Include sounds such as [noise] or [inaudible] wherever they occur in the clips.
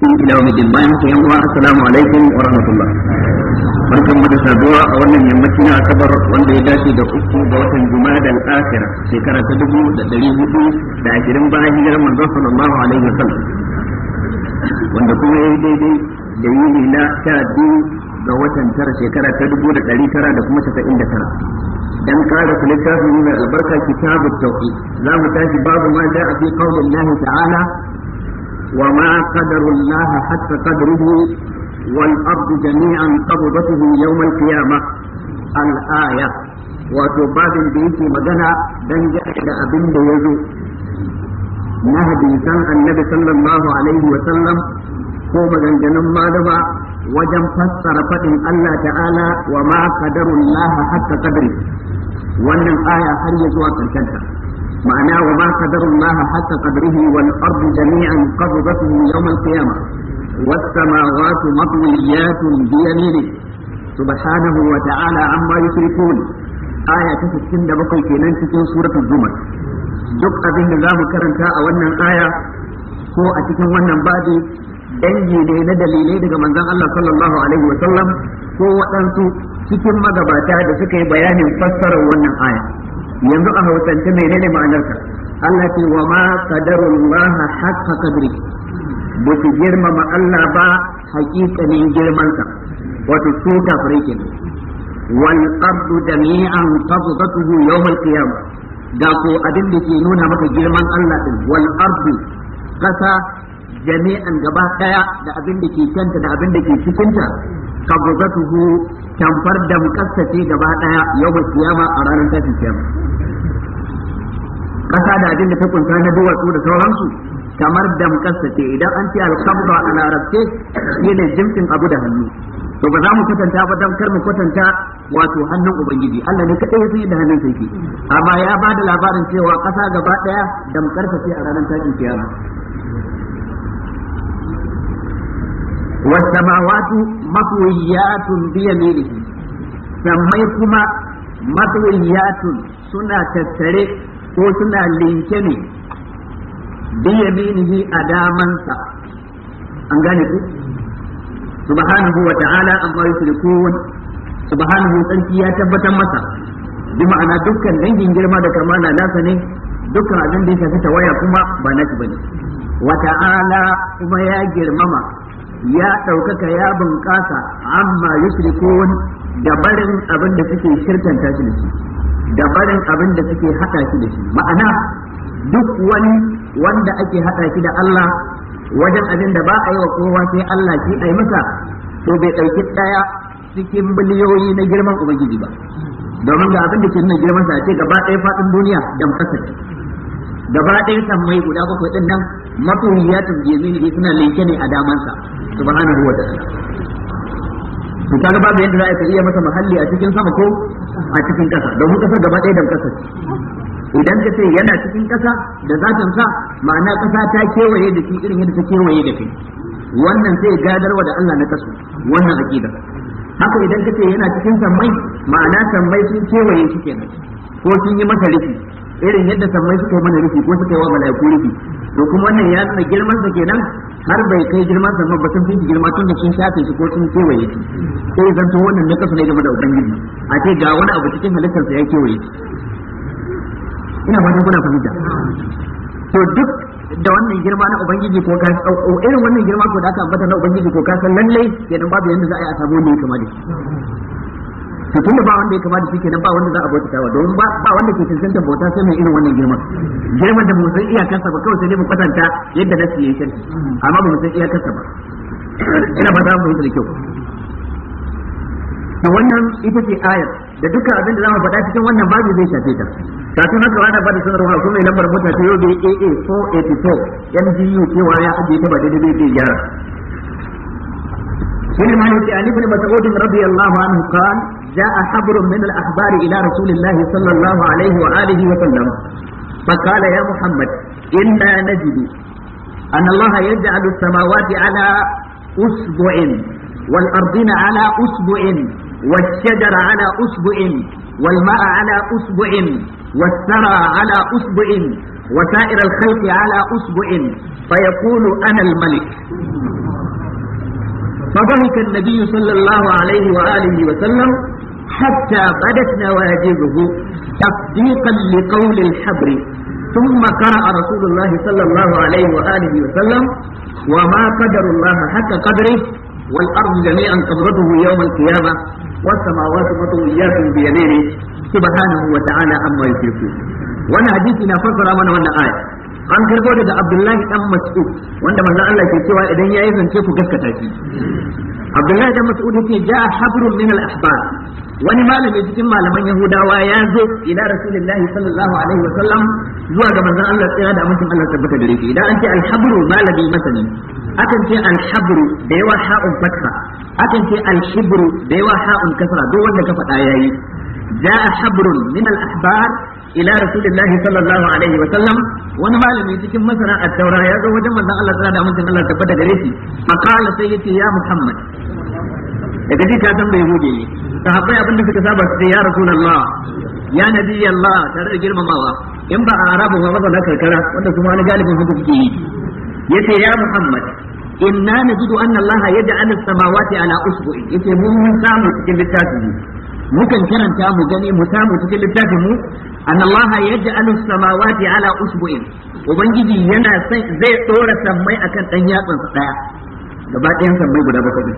ila wa mijin bayan ku yan assalamu alaikum wa rahmatullah barkan mu da saduwa a wannan yammacin asabar wanda ya dace da uku ga watan jumadan akhira shekara ta dubu da dari hudu da ashirin bayan hijirar manzon sallallahu alaihi wa sallam wanda kuma ya yi daidai da yini na sha biyu ga watan tara shekara ta dubu da dari tara da kuma casa'in da tara dan kara su littafin mai albarka kitabu tauhid za mu tashi babu ma da a fi qaulin Allah ta'ala وما قدر الله حتى قدره والأرض جميعا قبضته يوم القيامة الآية وتباب بيتي مجنى دنجا إلى أبن يزو نهدي كان النبي صلى الله عليه وسلم ko maganganun malama wajen fassara faɗin Allah ta'ala wa ma qadarullah hatta qadri wannan aya har ya zuwa karshenta معناه ما قدر الله حق قدره والأرض جميعا قبضته يوم القيامة والسماوات مطويات بيمينه سبحانه وتعالى عما يشركون آية تسكين دبقي كينان تكين سورة الزمر duk abin da za mu karanta a wannan aya ko a cikin wannan babi dangi ne na dalilai daga manzon Allah sallallahu alaihi wa sallam ko waɗansu cikin magabata da suka yi bayanin fassarar wannan aya yanzu a hausance ma'anar ma'anarsa Allah ce wa ma qadarullah haqqa qadri ba su girmama Allah ba haƙiƙanin girmansa wato su kafirai ne? wal ardu jami'an qabdatuhu yawm al qiyamah da ko abin da ke nuna maka girman Allah din wal ardu kasa jami'an gaba daya da abin da ke kanta da abin da ke cikinta qabdatuhu tamfar da ce gaba daya ba kiyama a ranar tashin kiyama kasa da abin da ta kunta na duwatsu da sauransu kamar da ce idan an ce al a larabce ne jimkin abu da hannu to ba za mu kwatanta ba dan kar mu kwatanta wato hannun ubangiji Allah ne kadai sai da hannun sai amma ya ba da labarin cewa kasa gaba daya da mukarsa ce a ranar tashin kiyama والسماوات مطويات بيمينه سمي كما مطويات سنة تتري وسنة لينكني بيمينه أدامنسا أنغانيكو سبحانه وتعالى أما يشركون سبحانه وتعالى يا تبتا مسا بمعنى دكا دنجين جرما دكا مانا ناسني dukkan abin da ya shafi tawaya kuma ba na bane wa ta'ala ya ɗaukaka ya bunƙasa amma yushrikun da barin abin da suke shirkanta shi da shi da abin da suke haɗa shi da shi ma'ana duk wani wanda ake haɗa shi da Allah wajen abin da ba a yi wa kowa sai Allah ke a masa to bai ɗauki ɗaya cikin biliyoyi na girman ubangiji ba domin ga abin da ke nuna girman sa ce gaba ɗaya faɗin duniya da makasar gaba ɗaya sammai guda bakwai ɗin nan makuhiyatun yaminihi suna leke ne a damansa subhanahu wa ta'ala to kaga babu yadda za a iya masa mahalli a cikin sama ko a cikin kasa mu kasa gaba ɗaya da kasa idan ka ce yana cikin kasa da zatin sa ma'ana kasa ta kewaye da shi irin yadda ta kewaye da kai wannan sai gadarwa da Allah na kasu wannan aqida haka idan ka ce yana cikin sammai ma'ana sammai sun kewaye shi kenan ko sun yi masa rufi irin yadda sammai suka yi mana rufi ko suka yi wa mala'iku rufi to kuma wannan ya nuna girman sa kenan har bai kai girman sa ba sun fi girma tun da sun shafe shi ko sun kewaye shi sai zan to wannan ne kasu ne game da ubangiji a ce ga wani abu cikin halittar sa ya kewaye shi ina fatan kuna fahimta to duk da wannan girma na ubangiji ko ka irin wannan girma ko da aka ambata na ubangiji ko ka san lalle kenan babu yanda za a yi a sabo ne kamar da to tunda ba wanda ya kamata shi kenan ba wanda za a bauta tawa domin ba ba wanda ke cancanta bauta sai mai irin wannan girman girman da mu iya kansa ba kawai sai dai mu kwatanta yadda na yayi shirki amma ba mu iya kansa ba ina ba za mu yi da kyau to wannan ita ce ayar da dukkan abin da za mu faɗa cikin wannan babu zai shafe ta kafin haka wani ba da sanarwa kuma mai lambar mota ta yau da AA 484 MGU cewa ya ajiye ta ba daidai bai zai gyara. Sunan Malik Ali bin Mas'ud radiyallahu anhu qala جاء حبر من الأخبار إلى رسول الله صلى الله عليه وآله وسلم فقال يا محمد إنا نجد أن الله يجعل السماوات على أسبع والأرضين على أسبع والشجر على أسبع والماء على أسبع والثرى على أسبع وسائر الخلق على أسبع فيقول أنا الملك فضحك النبي صلى الله عليه وآله وسلم حتى بدت نواجذه تصديقا لقول الحبر ثم قرأ رسول الله صلى الله عليه وآله وسلم وما قدر الله حتى قدره والأرض جميعا قبضته يوم القيامة والسماوات مطويات بيمينه سبحانه وتعالى عما يشركون وانا حديثنا فسر من وانا آية an karbo daga abdullahi dan mas'ud wanda manzon Allah ke cewa idan yayi zance ku gaskata shi abdullahi da mas'ud yake ja habrun min al-ahbar wani malami cikin malaman yahudawa ya zo ila rasulullahi sallallahu alaihi wa sallam zuwa ga manzon Allah tsira da mutum Allah tabbata gare shi idan an ce al-habru malami masani akan ce al da yawa ha'un fatha akan ce al da yawa ha'un kasra duk wanda ka faɗa yayi ja habrun min al-ahbar ila rasulillahi sallallahu alaihi wa sallam wani malami cikin masana at-taura ya zo wajen manzon Allah tsara da mutum Allah tabbata gare shi fa qala sai yace ya muhammad daga ji bai hude ne sahabbai abin da suka saba sai ya rasulullah ya nabi Allah tare da girmamawa in ba a arabu ba ba na karkara wanda kuma wani galibin haka suke yi yace ya muhammad inna najidu anna Allah yaj'alu as-samawati ala usbu'i yace mun samu cikin littafin mukan karanta mu gani mu samu cikin littafin mu annallaha yaj'alu samawati ala usbu'in ubangiji yana sai zai dora sammai akan dan yatsan sa daya gaba ɗayan sammai guda bakwai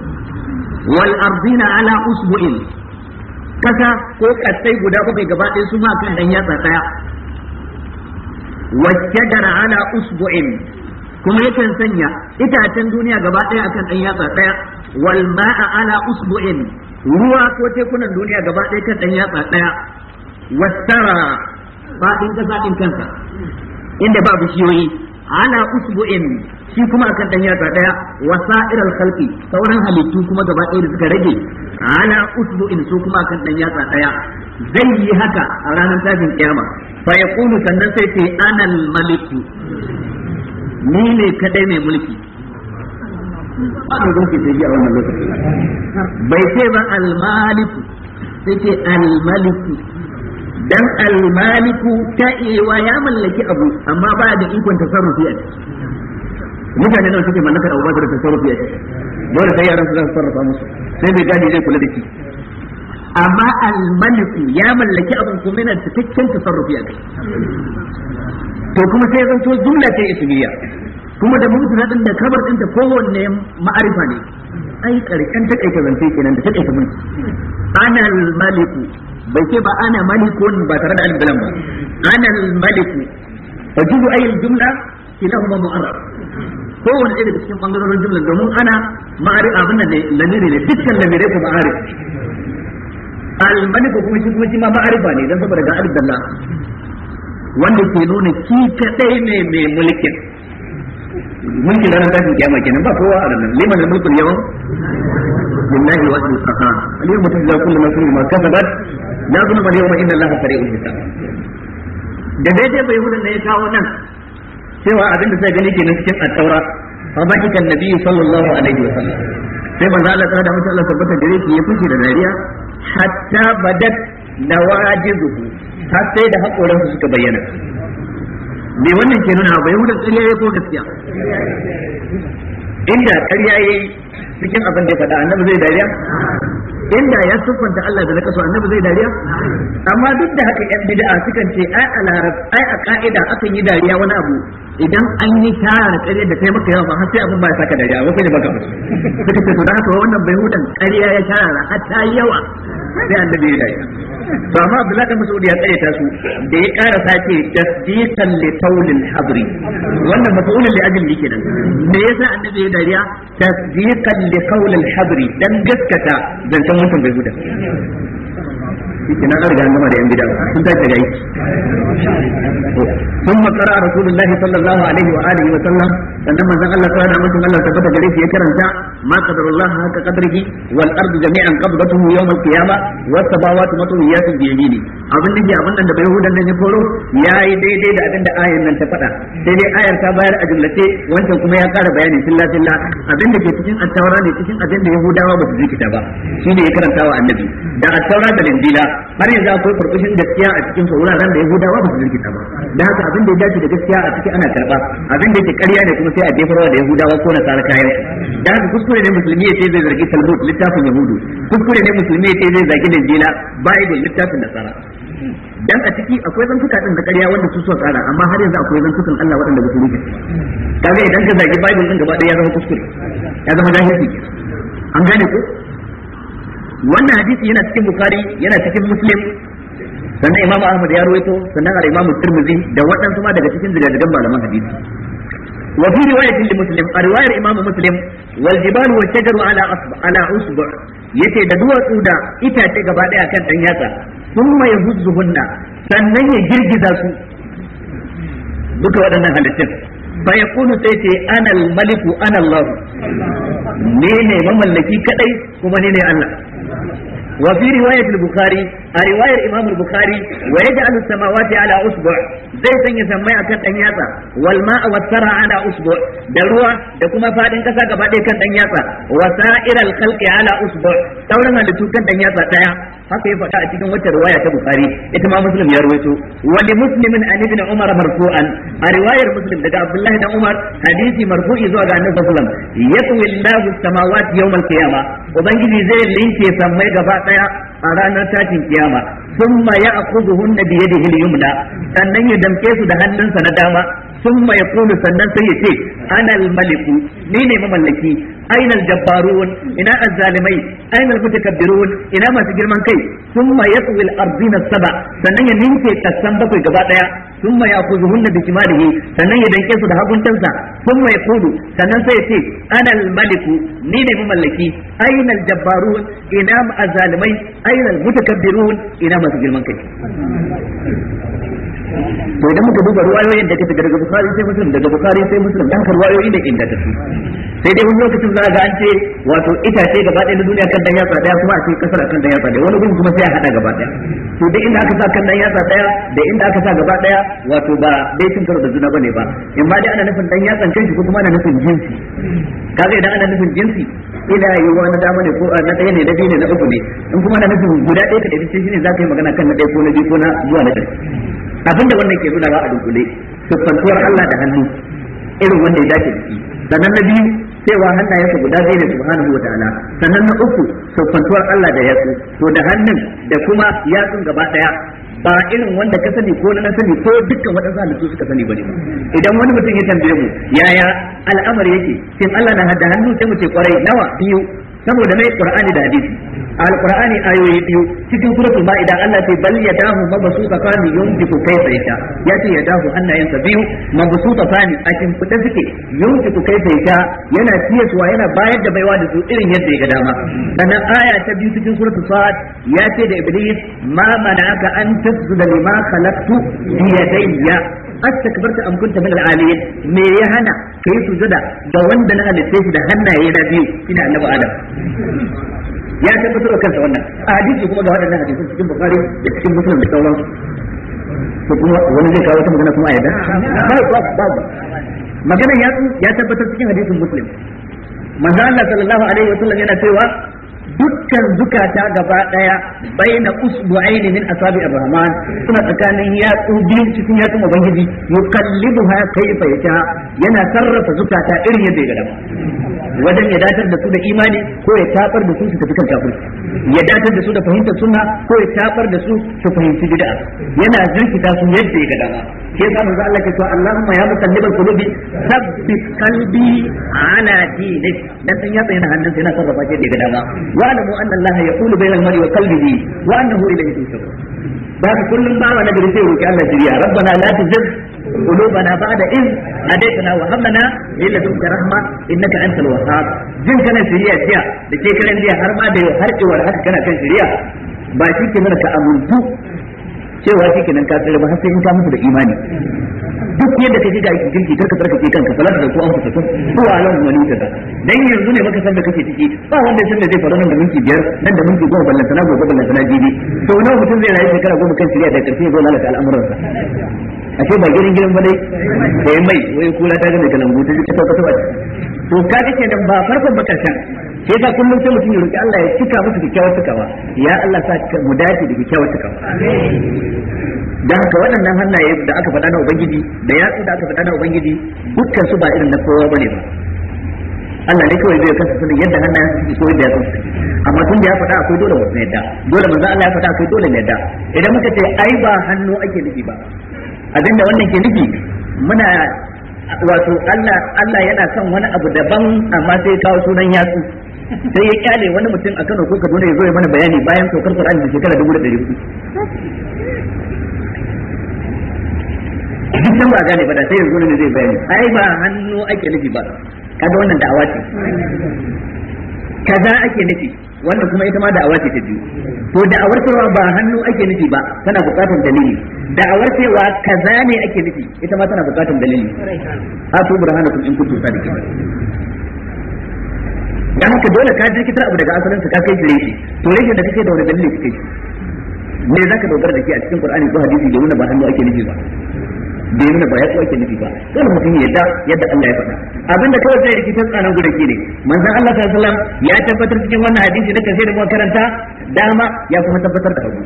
wal ardina ala usbu'in kasa ko kasai guda bakwai gaba ɗaya su ma kan dan yatsa daya wajjadara ala usbu'in kuma yakan sanya itacen duniya gaba ɗaya akan dan yatsa daya wal ma'a ala usbu'in ruwa ko tekunan duniya gaba ɗaya kan ɗan yatsa ɗaya wasara faɗin ƙasa ɗin kansa inda ba bishiyoyi ala usbu'in shi kuma akan ɗan yatsa ɗaya wasa'iral khalqi sauran halittu kuma gaba ɗaya da suka rage ala usbu'in su kuma akan ɗan yatsa ɗaya zai yi haka a ranar tashin kiyama fa yaqulu sannan sai ce anal maliku ni ne kadai mai mulki ba da ke sai a wannan lokacin bai ce ba almaliku sai ce almaliku dan almaliku ta ewa ya mallaki abu amma ba da ikon tasarrufi a ciki mutane nan suke mallaka abu ba da tasarrufi a ciki dole sai yaran su za su sarrafa musu sai bai gani zai kula da shi amma almaliku ya mallaki abu kuma yana cikakken tasarrufi a kai to kuma sai zan so jumla ce ismiya kuma da mubtada din da kabar din ta kowanne ma'arifa ne ai karkan ta kaita zance kenan da ta kaita mun ana al-maliku bai ce ba ana malikun ba tare da al-bilan ba ana al-maliku fajibu ay al-jumla kilahuma mu'arraf kowanne ɗaya daga cikin bangarorin jumla domin ana ma'ari abin da lamiri ne dukkan lamirai ko ma'arif al-maliku kuma shi kuma shi ma ma'arifa ne dan saboda ga al-dalla wanda ke nuna ki kadai ne mai mulkin mulkin ranar tashin kiyama kenan ba kowa a ranar liman mulkul yawm lillahi wa asmi sa'a al kasabat inna allaha sari'ul hisab da dai dai bai da ya kawo nan cewa abin da sai gani kenan cikin at-taura fa baki kan nabi sallallahu alaihi wa sallam sai manzo Allah ta da Allah tabbata ya da dariya hatta badat nawajizuhu har da suka bayyana me wannan ke nuna ba yahudan ƙarya ya ko gaskiya inda ƙarya ya yi cikin abin da ya faɗa annabi zai dariya inda ya siffanta Allah da nakasu annabi zai dariya amma duk da haka yan bid'a sukan ce ai a larab ai a ka'ida akan yi dariya wani abu idan an yi tara da ƙarya da kai maka yawa ba har sai abin ba ya saka dariya ba kai da baka suka ce to da haka wannan bai ƙarya ya tara har ta yawa sai annabi ya dariya ba ma Abdullahi dan Mas'ud ya tsare ta su da ya ƙara sace tasdiqan li tawlil hadri wannan mafa'ulun li ajli kenan me yasa annabi ya dariya tasdiqan li qawlil hadri dan gaskata zancen mutum bai huda shi na riga gama da yan bid'a sun tashi daga aiki sun makara rasulullah sallallahu alaihi wa alihi wa sallam sannan manzon Allah ta da manzon Allah tabbata gare shi ya karanta ma qadarullah haka qadrihi wal ardu jami'an qabdatuhu yawm al qiyamah was samawati matwiyatun bi yamini abin da ke abin da bai hudan nan ya koro yayi daidai da abin da ayar nan ta faɗa sai dai ayar ta bayar a jumlace wancan kuma ya kara bayani filla filla abin da ke cikin at ne cikin abin da yahudawa ba su ji ba shine ya karanta wa annabi da at da linjila har yanzu akwai farfashin gaskiya a cikin sa wuraren da yahudawa ba su jirgita ba da haka abin da ya dace da gaskiya a ciki ana karba abin da yake ƙarya ne kuma sai a jefarwa da yahudawa ko na sara kayan da haka kuskure ne musulmi ya ce zai zargi talmud littafin yahudu kuskure ne musulmi ya ce zai zargi linjila bible littafin nasara dan a ciki akwai zantuka din da ƙarya wanda su so tsara amma har yanzu akwai zantukan Allah waɗanda ba su rufe kaga idan ka zagi bible din gaba ɗaya ya zama kuskure ya zama jahili an gane ko wannan hadisi yana cikin bukhari yana cikin muslim sannan imamu ahmad ya rawaito sannan al imamu tirmidhi da waɗansu ma daga cikin zigazgan malaman hadisi wa fi riwayatin li muslim a riwayar imamu muslim wal jibal wa shajaru ala asba ala usbu yace da duwatsu da itace gaba daya kan dan yatsa thumma yahuzzuhunna sannan ya girgiza su duka waɗannan halittun fa kunu sai ce ana maliku ana Allah ne ne mamallaki kadai kuma ne ne Allah wa fi riwayat a riwayar Imam Bukhari wa yaj'alu samawati ala usbu' zai sanya sammai akan dan yatsa wal ma'a wasara ala usbu' da ruwa da kuma fadin kasa gaba ɗaya kan dan yatsa wa sa'iral khalqi ala usbu' sauran halittu kan dan yatsa daya haka ya faɗa a cikin wata riwaya ta Bukhari ita ma Muslim ya rawaito wa li muslimin an ibn Umar marfu'an a riwayar Muslim daga Abdullahi dan Umar hadisi marfu'i zuwa ga Annabi sallallahu alaihi wasallam yatwi Allahu samawati yawm al-qiyamah ubangiji zai linke sammai gaba daya a ranar tashin kiyama kiyama thumma ya'khudhuhunna bi yadihi al-yumna sannan ya damke su da hannunsa na dama ya yaqulu sannan sai ya ce ana maliku ni ne mamallaki aina al-jabbarun ina az-zalimai aina mutakabbirun ina masu girman kai thumma yatwi al arzina saba sannan ya ninke kasan bakwai gaba daya thumma ya'khuzuhunna bi shimalihi sannan ya danke su da haguntansa ya yaqulu sannan sai ya ce ana al-maliku ni ne mamallaki aina al-jabbarun ina az-zalimai aina mutakabbirun ina masu girman kai to idan muka duba ruwayoyin da kake daga bukari sai muslim daga bukari sai muslim dan ka ruwayoyi da inda ta sai dai wani lokacin za ga an ce wato ita ce gaba ɗaya na duniya kan dan yatsa daya kuma a ce kasar kan dan yatsa daya wani gurin kuma sai a hada gaba daya to duk inda aka sa kan dan yatsa daya da inda aka sa gaba daya wato ba bai cin karo da juna bane ba in ma dai ana nufin dan yatsan kanshi ko kuma ana nufin jinsi kaga idan ana nufin jinsi ina yiwuwa na dama ne ko na ɗaya ne na biyu ne na uku ne in kuma ana nufin guda ɗaya ka ɗaya ne za ka yi magana kan na ɗaya ko na biyu ko na zuwa na ɗaya Abinda wannan ke nuna ba a dunkule siffantuwar Allah da hannu irin wanda ya dace da sannan na biyu cewa hannayensa guda biyu ne subhanahu wataala sannan na uku siffantuwar Allah da yatsu to da hannun da kuma yatsun gaba daya ba irin wanda ka sani ko na sani ko dukkan waɗansu halittu suka sani bane ba idan wani mutum ya tambaye mu yaya al'amari yake shin Allah na da hannu sai mu ce kwarai nawa biyu saboda mai qur'ani da hadisi alqur'ani ayoyi biyu cikin suratul maida Allah ce bal yadahu mabsuta fani kai kayfa yasha ya ce yadahu hannayensa biyu mabsuta fani a cikin suke kai kayfa yasha yana suwa yana bayar da baiwa da su irin yadda ya ga dama dan aya ta biyu cikin suratul saad ya ce da iblis ma mana'aka an tasjuda lima khalaqtu bi yadayya astakbarta am kunta min al-aliyin me ya hana kai sujada ga wanda na halitta shi da hannaye na biyu ina annabi adam ya tabbatar da kansa wannan a hadisi kuma ga waɗannan hadisin cikin bukhari da cikin muslim da sauran ko kuma wani zai kawo ta magana kuma a yadda ba ba magana ya ya tabbatar cikin hadisin muslim manzo Allah sallallahu alaihi wa sallam yana cewa dukkan zukata gaba daya baina usbu'aini min asabi ar-rahman suna tsakanin yatsu biyu cikin yatsun ubangiji yuqallibuha kayfa yasha yana sarrafa zukata irin yadda ya ga dama wajen ya datar da su da imani ko ya tabar da su su tafi kan kafirci ya datar da su da fahimtar sunna ko ya tabar da su su fahimci bid'a yana jirkita su yadda ya gada ke sa manzo Allah ke cewa Allahumma ya mukallibal qulubi thabbit qalbi ala dinik dan dan ya bayyana hannunsa yana sarrafa ke da dama wa alamu anna Allah yaqulu bainal mar'i wa qalbihi wa annahu ilayhi tushur ba kullum ba wa nagari sai roki Allah jiriya rabbana la tuzigh قلوبنا بعد إذ أديتنا وهمنا لنا من رحمة إنك أنت الوهاب جن كان سريع جيا لكي كان ليا هرما دي وحرق والحق كان كان سريع ba shi ke شو ka amintu cewa shi kenan إنك tsira ba har sai in ka mutu da imani duk yadda kake ga aikin kirki karka tsarka ke kanka salatu da ku an fasa sun ko alam wani ta da dan yanzu ne maka san da kake ciki ba wanda san da zai faru nan da minti biyar nan da minti goma ballan sana gobe ballan sana jibi to nawa mutum zai rayu shekara goma kan shirya da karfi ya zo lalata al'amuransa ashe ba girin girin ba dai sai mai wai kura ta gane kalambu ta ji ta sauka ta to ka ga kenan ba farkon ba karshen sai ka kullum sai mutum ya roki Allah ya cika musu da kyakkyawar ba. ya Allah sa mu dace da kyakkyawar Amin. Dan ka waɗannan hannaye da aka faɗa na ubangiji da ya da aka faɗa na ubangiji dukkan su ba irin na kowa bane ba Allah ne kawai zai kasa sanin yadda hannayen su ko da ya su amma tun da ya faɗa akwai dole wasu yadda dole manzo Allah ya faɗa akwai dole ne yadda idan muka ce ai ba hannu ake nufi ba abinda wannan ke nufi muna wato Allah Allah yana son wani abu daban amma sai kawo sunan yatsu sai ya kyale wani mutum a Kano ko Kaduna ya zo ya mana bayani bayan saukar Qur'ani da shekara 1400 Idan ba gane ba da sai yanzu ne zai bayani ai ba hannu ake nufi ba kaga wannan da'awa ce kaza ake nufi wannan kuma ita ma da'awa ce ta biyu to da'awar cewa ba hannu ake nufi ba tana buƙatar dalili da'awar cewa kaza ne ake nufi ita ma tana buƙatar dalili burhana kun in kuntu sadiqin dan haka dole ka jirkitar abu daga asalin ka kai jire shi to rage da kake da wani dalili kake me zaka dogara da ke a cikin qur'ani ko hadisi da wannan ba hannu ake nufi ba bai ba ya tsawo ke nufi ba dole mutum da yadda Allah ya faɗa abinda kawai zai rikitar tsanan gudu ke ne manzon Allah sallallahu alaihi ya tabbatar cikin wannan hadisi da kace da karanta dama ya kuma tabbatar da hagu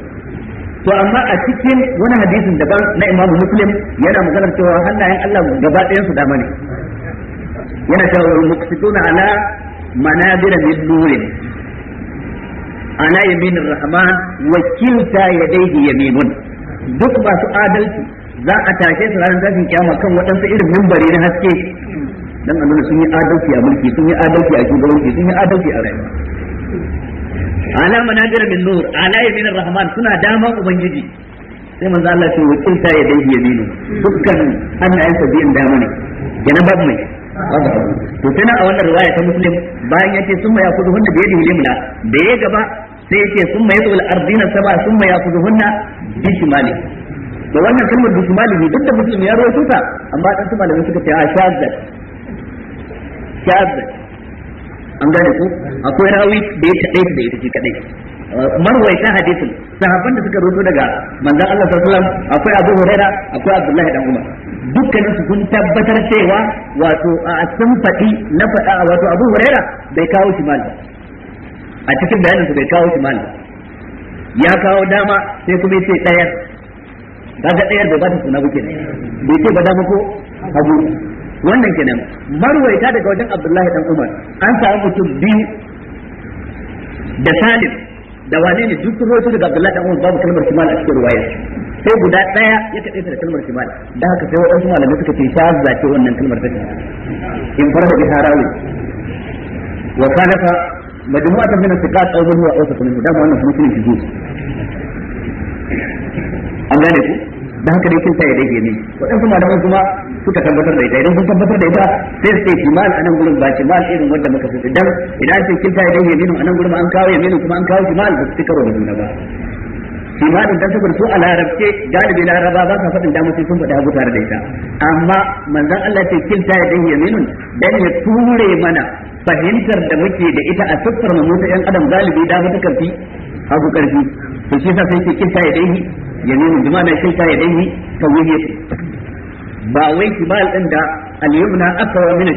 to amma a cikin wani hadisin daban na Imam Muslim yana magana cewa hannayen Allah gaba ɗayan su dama ne yana cewa muqsituna ala manabira min nurin ala yaminir rahman wa kilta yadayhi yaminun duk masu adalci za a tashe su ranar tashin kiyama kan waɗansu irin mimbari na haske dan annabi sun yi adalci a mulki sun yi adalci a shugabanci sun yi adalci a rayuwa ala manajir min nur ala yamin rahman suna daman ubangiji sai manzo Allah ce wakil ta dai yaminu dukkan sabi in dama ne gina babu mai to tana a wannan riwaya ta muslim bayan yace summa yakudu hunna bi yadihi limla da ya gaba sai yace summa yadul ardina saba summa yakudu hunna bi shimali da wannan kalmar ne duk da muslim ya rawaito ta amma dan su malamai suka ce a shazzat shazzat an gane ku akwai rawi da ya kadai da ita ce kadai marwaita hadisin sahabban da suka rubuto daga manzon Allah sallallahu alaihi wasallam akwai Abu Huraira akwai Abdullahi dan Umar dukkanin su kun tabbatar cewa wato a sun faɗi na faɗa wato Abu Huraira bai kawo shi mal a cikin bayanin su bai kawo shi mal ya kawo dama sai kuma sai ɗaya kaga ɗayar da ba ta suna buke bai ce ba dama ko hagu wannan kenan marwaita daga wajen abdullahi dan umar an samu mutum biyu da salim da wane ne duk kuma su daga abdullahi dan umar babu kalmar kimal a cikin ruwaya sai guda ɗaya ya kaɗe ta da kalmar kimal da haka sai waɗansu malamai suka ce sha ce wannan kalmar ta in farko bi harawi wa kanafa majmu'atan min as-siqat aw huwa a minhu da wannan kuma shi ne an gane ku da haka dai kinta ya dage ne waɗansu malaman kuma suka tabbatar da ita idan sun tabbatar da ita sai su ce kimal anan gurin ba kimal irin wanda muka sani idan idan sai kinta ya dage ne anan gurin an kawo yaminu kuma an kawo kimal ba su karo da juna ba kimanin dan saboda su a larabce galibi laraba ba sa faɗin damar sai sun faɗi hagu tare da ita amma manzon Allah ce kinta ya dage yaminun dan ya ture mana fahimtar da muke da ita a siffar mu ta yan adam galibi da mu ta karfi hagu karfi to shi yasa sai yake kinta ya dai yamin bi ma'ana kinta ya dai tawhiyi ba wai kibal din da al-yumna akwa min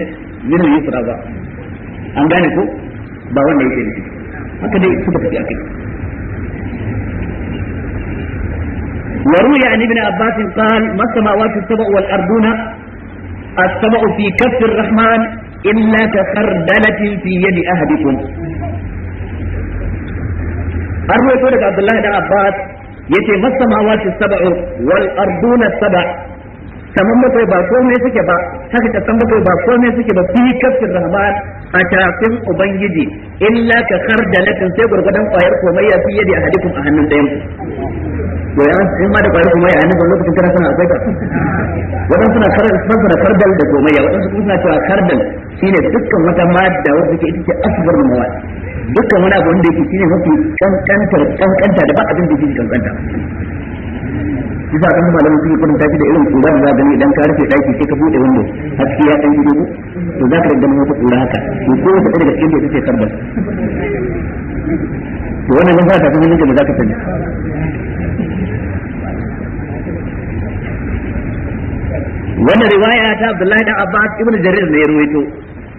min al-yusra ba an gane ko ba wanda yake nufi haka dai suka tafi akai وروي عن ابن عباس قال ما السماوات السبع والأرضون السبع في كف الرحمن إلا كخردلة في يد أحدكم har ruwaito daga abdullahi dan abbas yace ce sab'u wal arduna sab'a saman mutai ba komai suke ba haka kasan bakwai ba komai suke ba fi kafin rahman a tafin ubangiji illa ka kardalatin sai gurgudan kwayar komai ya fi yadi a hadikun a hannun ɗayan to ya in ma da kwari kuma ya annabi lokacin kana sana akwai ka wadan suna karar fasara kardal da komai ya wadan suna cewa kardal shine dukkan wata madda wanda take ita ce asgar mawad dukkan wani abu wanda yake shine mafi kankantar kankanta da ba abin da yake kankanta kisa kan malamin sun yi kudin tafi da irin kura da gani idan ka rufe daki sai ka bude wando haske ya dan gido to za ka da ganin wata kura haka to ko wata daga cikin da take karbas to wannan nan ba ta kuma da za ka tani wannan riwaya ta Abdullahi da Abbas ibn Jarir ne ya ruwaito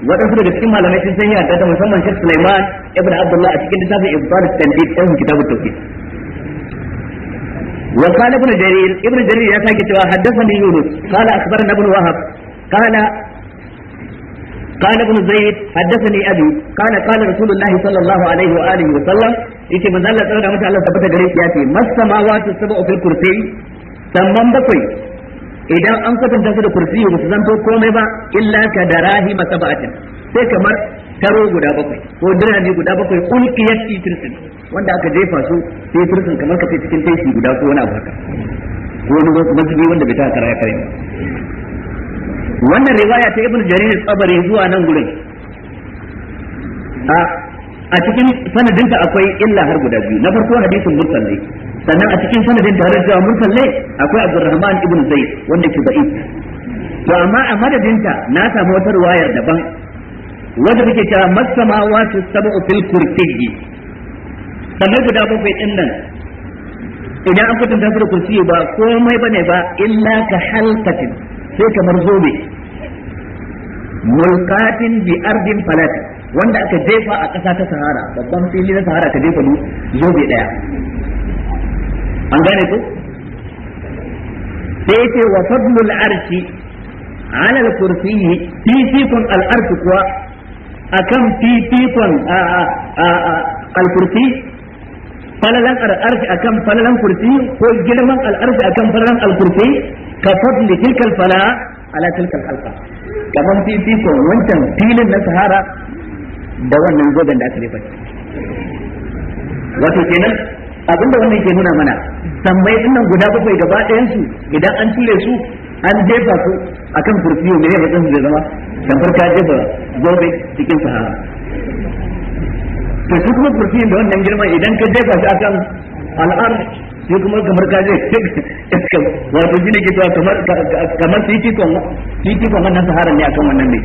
waɗansu daga cikin malamai sun sanya ta musamman Sheikh Sulaiman ibn Abdullah a cikin littafin Ibbar Tandid ɗan kitabut tauhid وقال ابن جرير ابن جرير يا ساكت حدثني يونس قال اخبرنا ابن وهب قال قال ابن زيد حدثني ابي قال قال رسول الله صلى الله عليه واله وسلم yace manzo Allah tsara mata tabbata gare shi yace mas samawati sab'u fil kursi samman bakwai idan an kwatanta su da kursiyu ba su zanto komai ba illa ka darahi masaba'atin sai kamar taro guda bakwai ko dirhami guda bakwai ya fi tirsin wanda aka jefa su sai tirsin kamar ka cikin taishi guda ko wani abu haka ko wani masjidi wanda bai ta raya kare wannan riwaya ta ibn jarir tsabari zuwa nan gurin a cikin sanadinta akwai illa har guda biyu na farko hadisin mursal ne sannan a cikin sanadin tare da cewa ne akwai Abdurrahman ibn Zaid wanda ke ba'i. to amma a madadinta na samu wata ruwayar daban wanda take cewa su sab'u fil kursiyyi sannan guda bakwai din nan idan an kwatanta su da kursiyi ba komai bane ba illa ka halqatin sai kamar zobe mulqatin bi ardin falat wanda aka jefa a ƙasa ta sahara babban fili na sahara ka jefa zobe daya an gane ku sai ce wa fadlul arshi ala al-kursiyyi fifikun al-arshi kuwa akan fifikun al kursiyyi falalan al-arshi akan falalan kursi ko girman al-arshi akan falalan al kursiyyi ka fadli tilka al-fala ala tilka al-halqa kaman fifikun wancan filin na sahara da wannan zoben da aka rufe wato kenan abinda wannan ke nuna mana tambayi din nan guda bakwai gaba ɗayan su idan an cire su an jefa su akan furfiyo me ne zan zai zama tamfar ka jefa gobe cikin sahara to su kuma furfiyo da wannan girma idan ka jefa shi akan al'ar sai kuma kamar ka je [laughs] wato shi ke cewa kamar kamar su yi cikon su yi wannan sahara ne akan wannan ne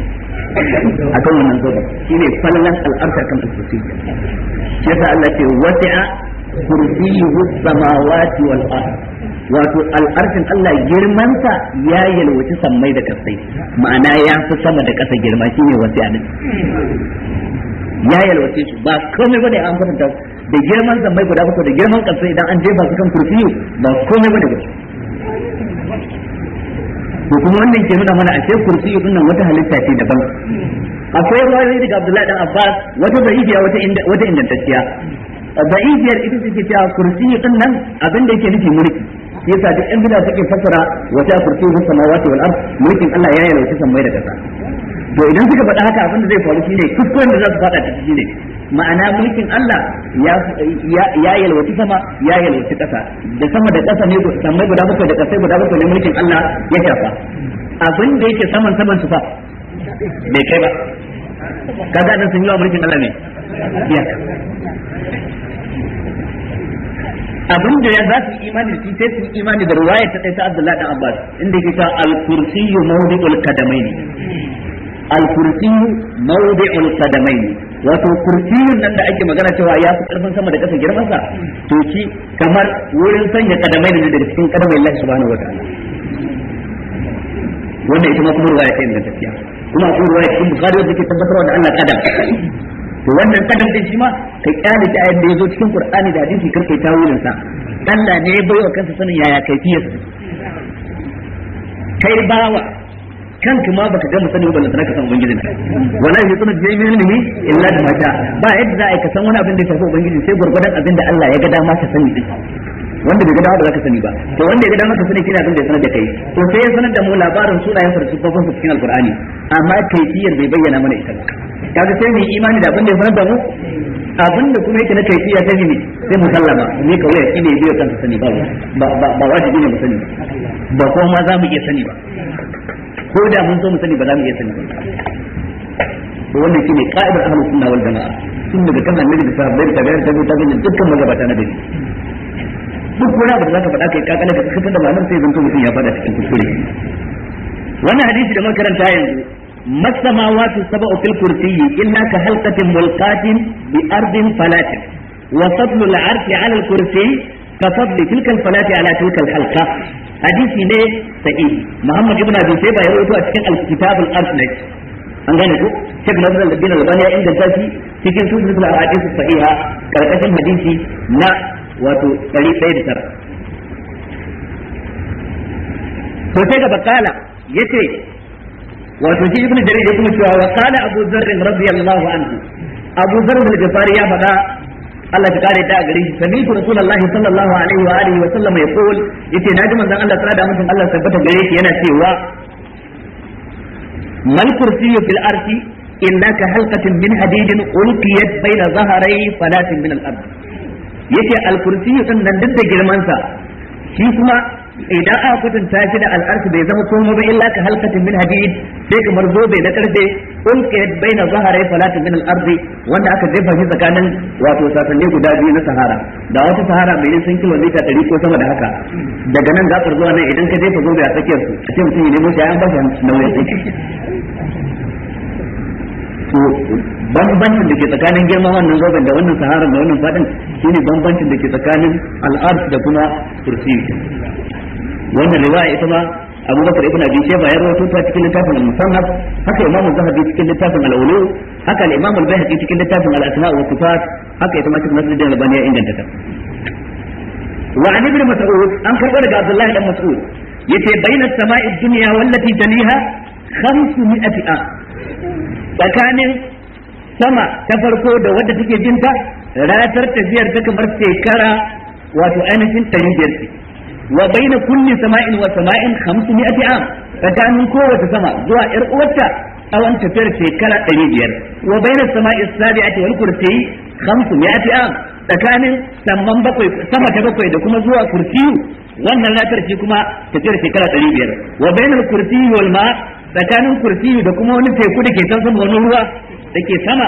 akan wannan gobe shine falalan al'arta kan kurfiyo yasa Allah ce wasi'a kursiyuhu samawati wal ard wato arshin Allah girman sa ya yalwaci sammai da kasai ma'ana ya fi sama da kasa girma shine wasiya din ya yalwaci su ba komai bane an kwatanta da girman sammai guda bakwai da girman kasai idan an jefa su kan kursiyu ba komai bane ba to kuma wannan ke nuna mana ashe kursiyu din nan wata halitta ce daban akwai wani daga Abdullahi dan Abbas wata zaifiya wata wata ingantacciya da'ifiyar ita ce cewa kursi din nan abin da yake nufi mulki yasa duk yan bid'a suke fassara wata ta kursi hus samawati wal ard mulkin Allah ya yana wuce sammai da kasa to idan suka faɗa haka abin da zai faru shine kuskuren da za su faɗa ciki shine ma'ana mulkin Allah ya yalwaci sama ya yalwaci ƙasa da sama da ƙasa ne sammai guda bakwai da ƙasai guda bakwai ne mulkin Allah ya shafa abin da yake saman saman su fa bai kai ba kaga nan sun yi wa mulkin Allah ne biya abin da za su yi imani da shi sai su imani da ruwaya ta ta Abdullahi dan Abbas inda ke ta al-kursiyyu mawdi'ul qadamaini al-kursiyyu mawdi'ul qadamaini wato kursiyun nan da ake magana cewa ya fi karfin sama da kasa girman sa to ki kamar wurin sanya kadamai ne daga cikin kadamai Allah subhanahu wataala wannan ita ma kuma ruwaya ta tafiya kuma kuma ruwaya cikin Bukhari wanda ke tabbatarwa da Allah kadam to wannan kadar din shi ma ka kyale ta ayyan da yazo cikin qur'ani da hadisi kar kai tawulin sa Allah ne ya baiwa kansa sanin yaya kaifiyar kai bawa kanka ma baka gama musani ba lantana ka san ubangijin ka wala ya tsuna je min ne illa da mata ba yadda za a ka san wani abin da ya shafi ubangiji sai gurgurdan abin da Allah ya ga dama ka sani din wanda bai ga dama ba za ka sani ba to wanda ya ga dama ka sani kina abin da ya sanar da kai to sai ya sanar da mu labarin sunayen farsu babban cikin alqur'ani amma fiye bai bayyana mana ita ba kaga sai mai imani da abinda ya sanar da mu abin da kuma yake na kaifiya ta ne sai mu sallama ne kawai a kine biyo kansa sani ba ba ba wajibi ne mu sani ba ko ma za mu iya sani ba ko da mun so mu sani ba za mu iya sani ba wannan shi ne ka'idar ahlus sunna wal jamaa sun daga kan annabi da sahabbai da tabi'in da tabi'in da dukkan magabata na gari duk wani abu da zaka faɗa kai kakana ka fitar da malam sai zanto mutum ya faɗa cikin kuskure wannan hadisi da muka karanta yanzu ما السماوات السبع في الكرسي إلا كحلقة ملقاة بأرض فلاة وفضل العرش على الكرسي كفضل تلك الفلاة على تلك الحلقة حديثي ne sahihi Muhammad ibn Abi Shayba ya rawaito a cikin al-Kitab an gane ko Sheikh Nasir al-Din al-Albani ya inganta shi cikin sunan al-Ahadith sahiha karkashin hadisi na wato 109 to sai ga ya ce. wato shi ibnu jarir ya kuma cewa wa qala abu dharr radiyallahu anhu abu dharr bin jafari ya faɗa Allah ta kare ta a gare shi sami'tu rasulullah sallallahu alaihi wa alihi wa sallam yaqul yace naji manzon Allah tsada mutum Allah tabbata gare shi yana cewa mal kursiyyu fil arshi innaka halqatin min hadidin ulqiyat baina zahrai falatin min al-ard yace al-kursiyyu din nan duk da girman sa shi kuma idan aka kutunta shi da al'arsu bai zama komo ba illa ka halkatin min hadid sai kamar zobe na karfe ulqiyat baina zahara falatin min al wanda aka jefa shi tsakanin wato sasanni guda biyu na sahara da wata sahara mai nisan kilomita ɗari ko sama da haka daga nan za ka zuwa nan idan ka jefa zobe a tsakiyar su a ce mutum ya nemo shi an ba shi nauyin to bambancin da ke tsakanin girman wannan zoben da wannan sahara da wannan fadin shine bambancin da ke tsakanin al'arsh da kuma kursi wannan riwaya ita ma Abu Bakar ibn Abi Shayba ya rawaito ta cikin littafin al-Musannaf haka Imam Zahabi cikin littafin al-Ulu haka al-Imam al bayhaqi cikin littafin al-Asma' wa Sifat haka ita ma cikin Nasruddin Albani ya inganta ta wa an ibn Mas'ud an karɓa daga abdullahi ibn Mas'ud yace bainas sama'i dunya wallati taliha 500 a tsakanin sama ta farko da wadda take jinta ratar tafiyar ta kamar shekara wato ainihin 500 wa baina kulli sama'in wa sama'in 500 am tsakanin kowace sama zuwa yar uwarta tsawon tafiyar shekara 500 wa baina sama'is sabi'ati wal kursiyi 500 am tsakanin samman bakwai sama ta bakwai da kuma zuwa kursiyu wannan latar shi kuma tafiyar shekara 500 wa bainal kursiyi wal ma tsakanin kursiyu da kuma wani teku da ke can sama wani ruwa da sama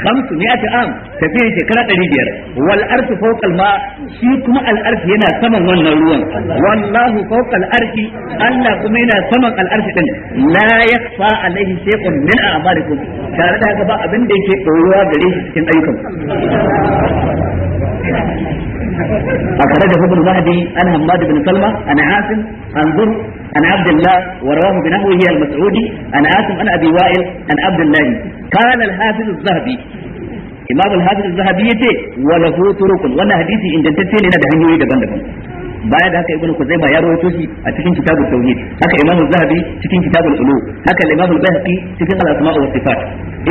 khamsu mi'ati am tafiya shekara ɗari biyar wal arshi fawqa al ma shi kuma al arshi yana saman wannan ruwan wallahu fawqa al arshi Allah kuma yana saman al arshi din la yakfa alaihi shay'un min a'malikum tare da haka ba abin da yake ɗoruwa gare shi cikin ayyukan da ابن مهدي an حماد bin salma an عاصم an ذر عن عبد الله ورواه بنحوه هي المسعودي عن عاصم عن ابي وائل عن عبد الله قال الحافظ الذهبي إمام الحافظ الذهبي وله طرق ولا حديثي إن تنتهي لنا بحنيه دبن دبن baya da haka ibnu kuzaima ya rawaito shi a cikin kitabul tauhid haka imamu zahabi cikin kitabul ulu haka imamu al-baihaqi cikin al-asma' wa sifat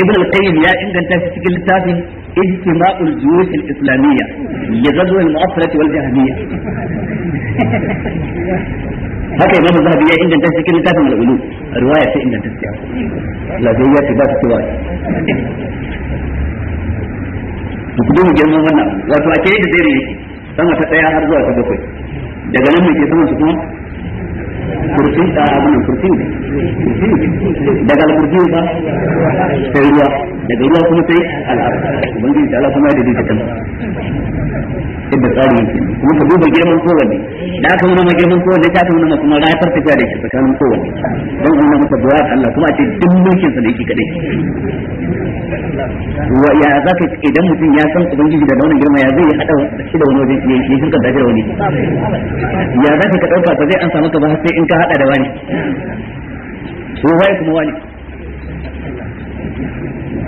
ibnu al-qayyim ya inganta shi cikin littafin ijtima'ul juyush al-islamiyya li ghadwa al-mu'asirati wal jahmiyya haka imam zahabi ya inganta shi cikin littafin al-ulu riwaya ta inganta shi la laziyya ta ba ta cewa ku duba girman wannan wato a kai da zai yake sama ta daya har zuwa ta bakwai daga nan mai ke saman su kuma kursi da abin nan kursi daga alkursi ba sai ruwa daga ruwa kuma sai al'ar ubangiji ta Allah kuma ya daidaita kan yadda tsari yake kuma ka duba girman kowanne da aka nuna girman kowanne ta aka nuna kuma ratar tafiya da shi tsakanin kowanne don nuna masa duwar Allah kuma a ce duk mulkin sa da yake kadai wa ya zaka idan mutum ya san ubangiji da wannan girma ya zai hada shi da wani wajen ya shirka da da wani ya zaka ka dauka ba zai an samu ka ba sai in ka hada da wani Su wai kuma wani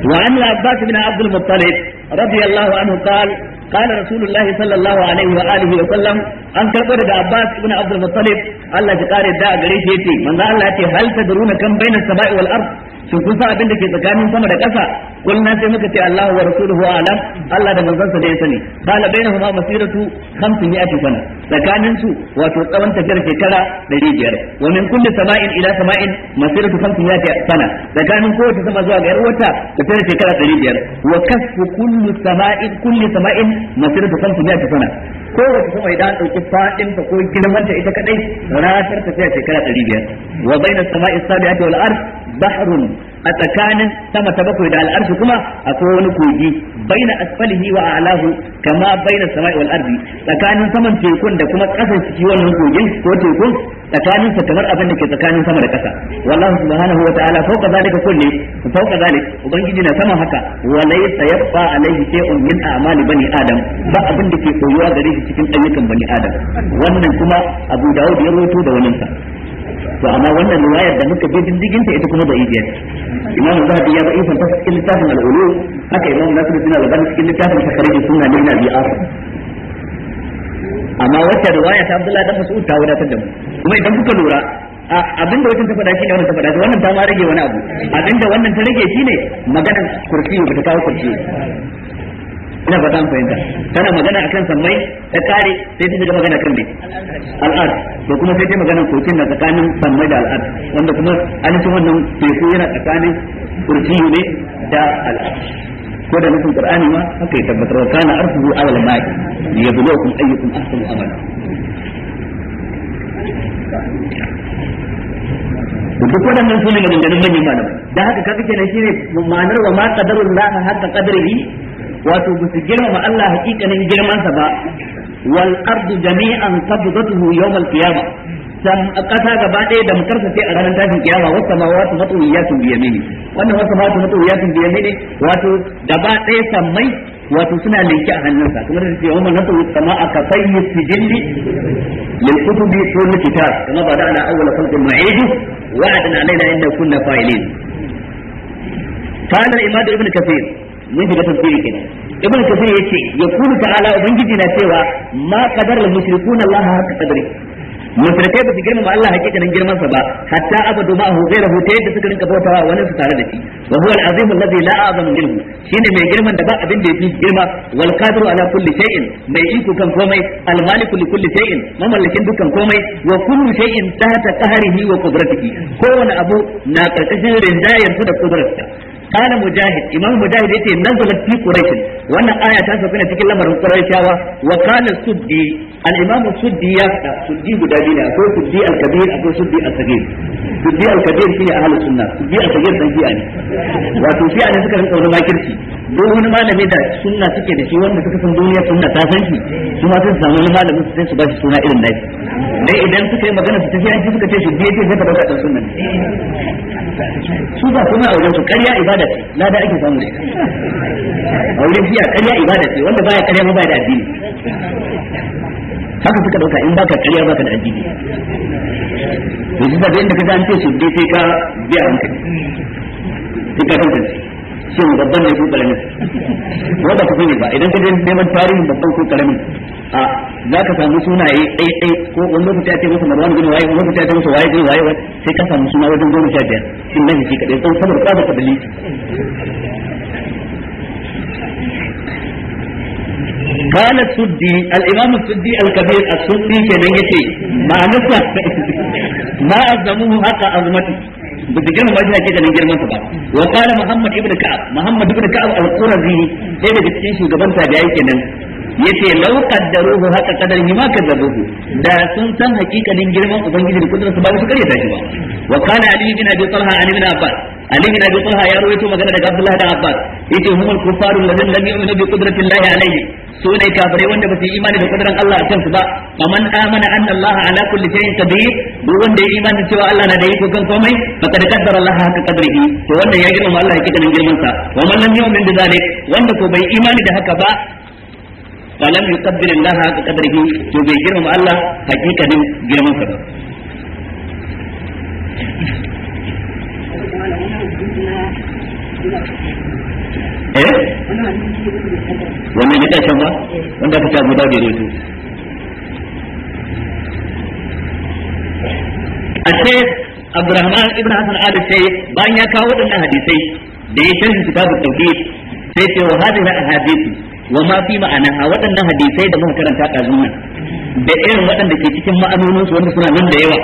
وعن العباس بن عبد المطلب رضي الله عنه قال قال رسول الله صلى الله عليه وآله وسلم أن كبر عباس بن عبد المطلب الله تقال الداء قريش يتي من الله يتي هل تدرون كم بين السماء والأرض شو كنت أبن لك إذا كان من سمد كسا kullun sai muka ce Allahu wa rasuluhu alam Allah da manzon sa da ya sani qala bainahuma masiratu 500 sana tsakanin su wato tsawon tafiyar shekara 500 wa min kulli sama'in ila sama'in masiratu 500 sana tsakanin kowace sama zuwa ga yar wata tafiyar shekara 500 wa kasfu kulli sama'in kulli sama'in masiratu 500 sana kowace sama idan dauki fadin ta ko girman ta ita kadai ratar tafiya shekara 500 wa bainas sama'i a tsakanin sama ta bakwai da al'arshi kuma akwai wani kogi baina asfalihi wa a'lahu kama baina sama'i wal ardi tsakanin saman tekun da kuma kasar ciki wannan kogin ko tekun tsakanin sa kamar abin da ke tsakanin sama da ƙasa wallahu subhanahu wa ta'ala fawqa zalika kulli fawqa zalik ubangiji na sama haka wa laysa yabqa alayhi shay'un min a'mali bani adam ba abin da ke koyuwa gare shi cikin ayyukan bani adam wannan kuma abu dawud ya rawaito da wani sa to amma wannan riwayar da muka bi dindigin ta ita kuma da idiyat imam zahabi ya ba'i fanta cikin littafin al haka imam nasiruddin al-albani cikin littafin takariri sunna ne na bi'a amma wacce riwaya ta abdullahi dan mas'ud ta wadatar da mu kuma idan kuka lura abinda wajen ta faɗa shine wannan ta faɗa wannan ta ma rage wani abu abinda wannan ta rage shine maganar kursiyu ba ta kawo kursiyu ina ba an fahimta tana magana akan sammai ta kare sai ta shiga magana kan me al'ad to kuma sai ta magana kokin na tsakanin sammai da al'ad wanda kuma an ci wannan teku yana tsakanin kurciyu ne da al'ad ko da nufin qur'ani ma haka ya tabbatar wa kana arsuhu alal ma'i liyabluwakum ayyukum ahsanu amala duk waɗannan su ne maganganun manyan malamai da haka kaga kenan shine ma'anar wa ma qadarullah hatta qadrihi wato ba su girmama Allah hakikanin girmansa ba wal ardu jami'an qabdatuhu yawm al qiyamah san kasa gaba ɗaya da mutarsa sai a ranar tashin kiyama wasu samawati matsuwiyatun bi yamini wannan wasu samawati matsuwiyatun bi yamini wato gaba ɗaya sammai wato suna linki a hannunsa kamar da yawma natu sama'a ka sayyi sijilli lil kutubi ko kitab kuma ba da ana awwala khalqin ma'idu wa'adna alaina inna kunna fa'ilin kana al-imad ibn kathir mun shiga tafsiri kenan ibnu kasir yace yaqulu ta'ala ubangiji na cewa ma qadar al mushrikuna Allah haka qadari mushrikai ba su girmama Allah hakikanin girman sa ba hatta abadu ma hu ghayrahu ta yadda suka rinka bautawa wani su tare da shi wa huwa al-azim alladhi la a'zam minhu shine mai girman da ba abin da yake girma wal qadiru ala kulli shay'in mai iko kan komai al maliku li kulli shay'in mamallakin dukkan komai wa kullu shay'in tahta qahrihi wa qudratihi kowane abu na karkashin rindayar su da kudurarsa qala mujahid imam mujahid ya yace nazalat fi quraish wannan aya ta sauka ne cikin lamarin quraishawa wa qala subbi al-imam suddi ya faɗa suddi guda biyu ne akwai suddi al-kabir akwai suddi al-sagir suddi al-kabir shine ahlus sunna suddi al-sagir dan bi'a ne wato bi'a ne suka rinka wani makirci duk wani malami da sunna suke da shi wanda suka san duniya sunna ta san shi sun samu wani malamin sai su ba shi suna irin nashi dai idan suka yi magana su tafi an suka ce suddi ce sai ka dauka dan sunna su ba kuma a wajen ibada ce lada ake samu da ita a wajen ibada wanda baya ƙarya ma baya da addini haka suka dauka in baka kariya baka da addini to shi sabbi inda kaga an ce shudde sai ka biya hankali sai ka Sai mu babban ne ko karamin ko ba ku sani ba idan ka je neman tarihin babban ko karamin a za ka samu sunaye ɗai ɗai ko wani lokaci ya ce masa marwan gini waye wani lokaci ya ce masa waye gini waye sai ka samu suna wajen goma sha biyar shin nan shi kaɗai don saboda ƙasa ka dalili qala suddi al-imam suddi al-kabir as-suddi kenan yace ma'anarsa ma azamuhu haka azmati ba ta girma shi ake ganin girman sa ba wa qala muhammad ibn ka'ab muhammad ibn ka'ab al-qurazi sai daga cikin shugaban tabi'ai kenan yace law qaddaruhu haka ni ma kadzabuhu da sun san hakikanin girman ubangiji da kudrar su ba su karyata shi ba wa kana ali bin abi talha ali bin abbas ali bin abi talha ya rawaito magana daga abdullah da abbas yace humul kufaru alladhina lam yu'minu bi qudratillahi alayhi su ne kafirai wanda ba su yi imani da kudurin Allah a kansu ba faman amana anna Allah ala kulli shay'in qadir duk wanda ya imani cewa Allah na da iko kan komai faqad kaddara Allah haka qadrihi to wanda ya girma Allah hakikanin girman sa wa man lam yu'min bi zalik wanda ko bai imani da haka ba falam yuqaddir Allah haka qadarihi to bai girmama Allah hakikanin girman sa ba eh wannan ne kashin ba wanda ka tabu da gare su الشيخ عبد الرحمن ابن حسن آل الشيخ بان يكاو لنا حديثي بيشن كتاب التوحيد سيتي وهذه الأحاديث wa ma fi ma'anaha waɗannan hadisai da muka karanta ɗazun nan da irin waɗanda ke cikin ma'anonin su wanda suna nan da yawa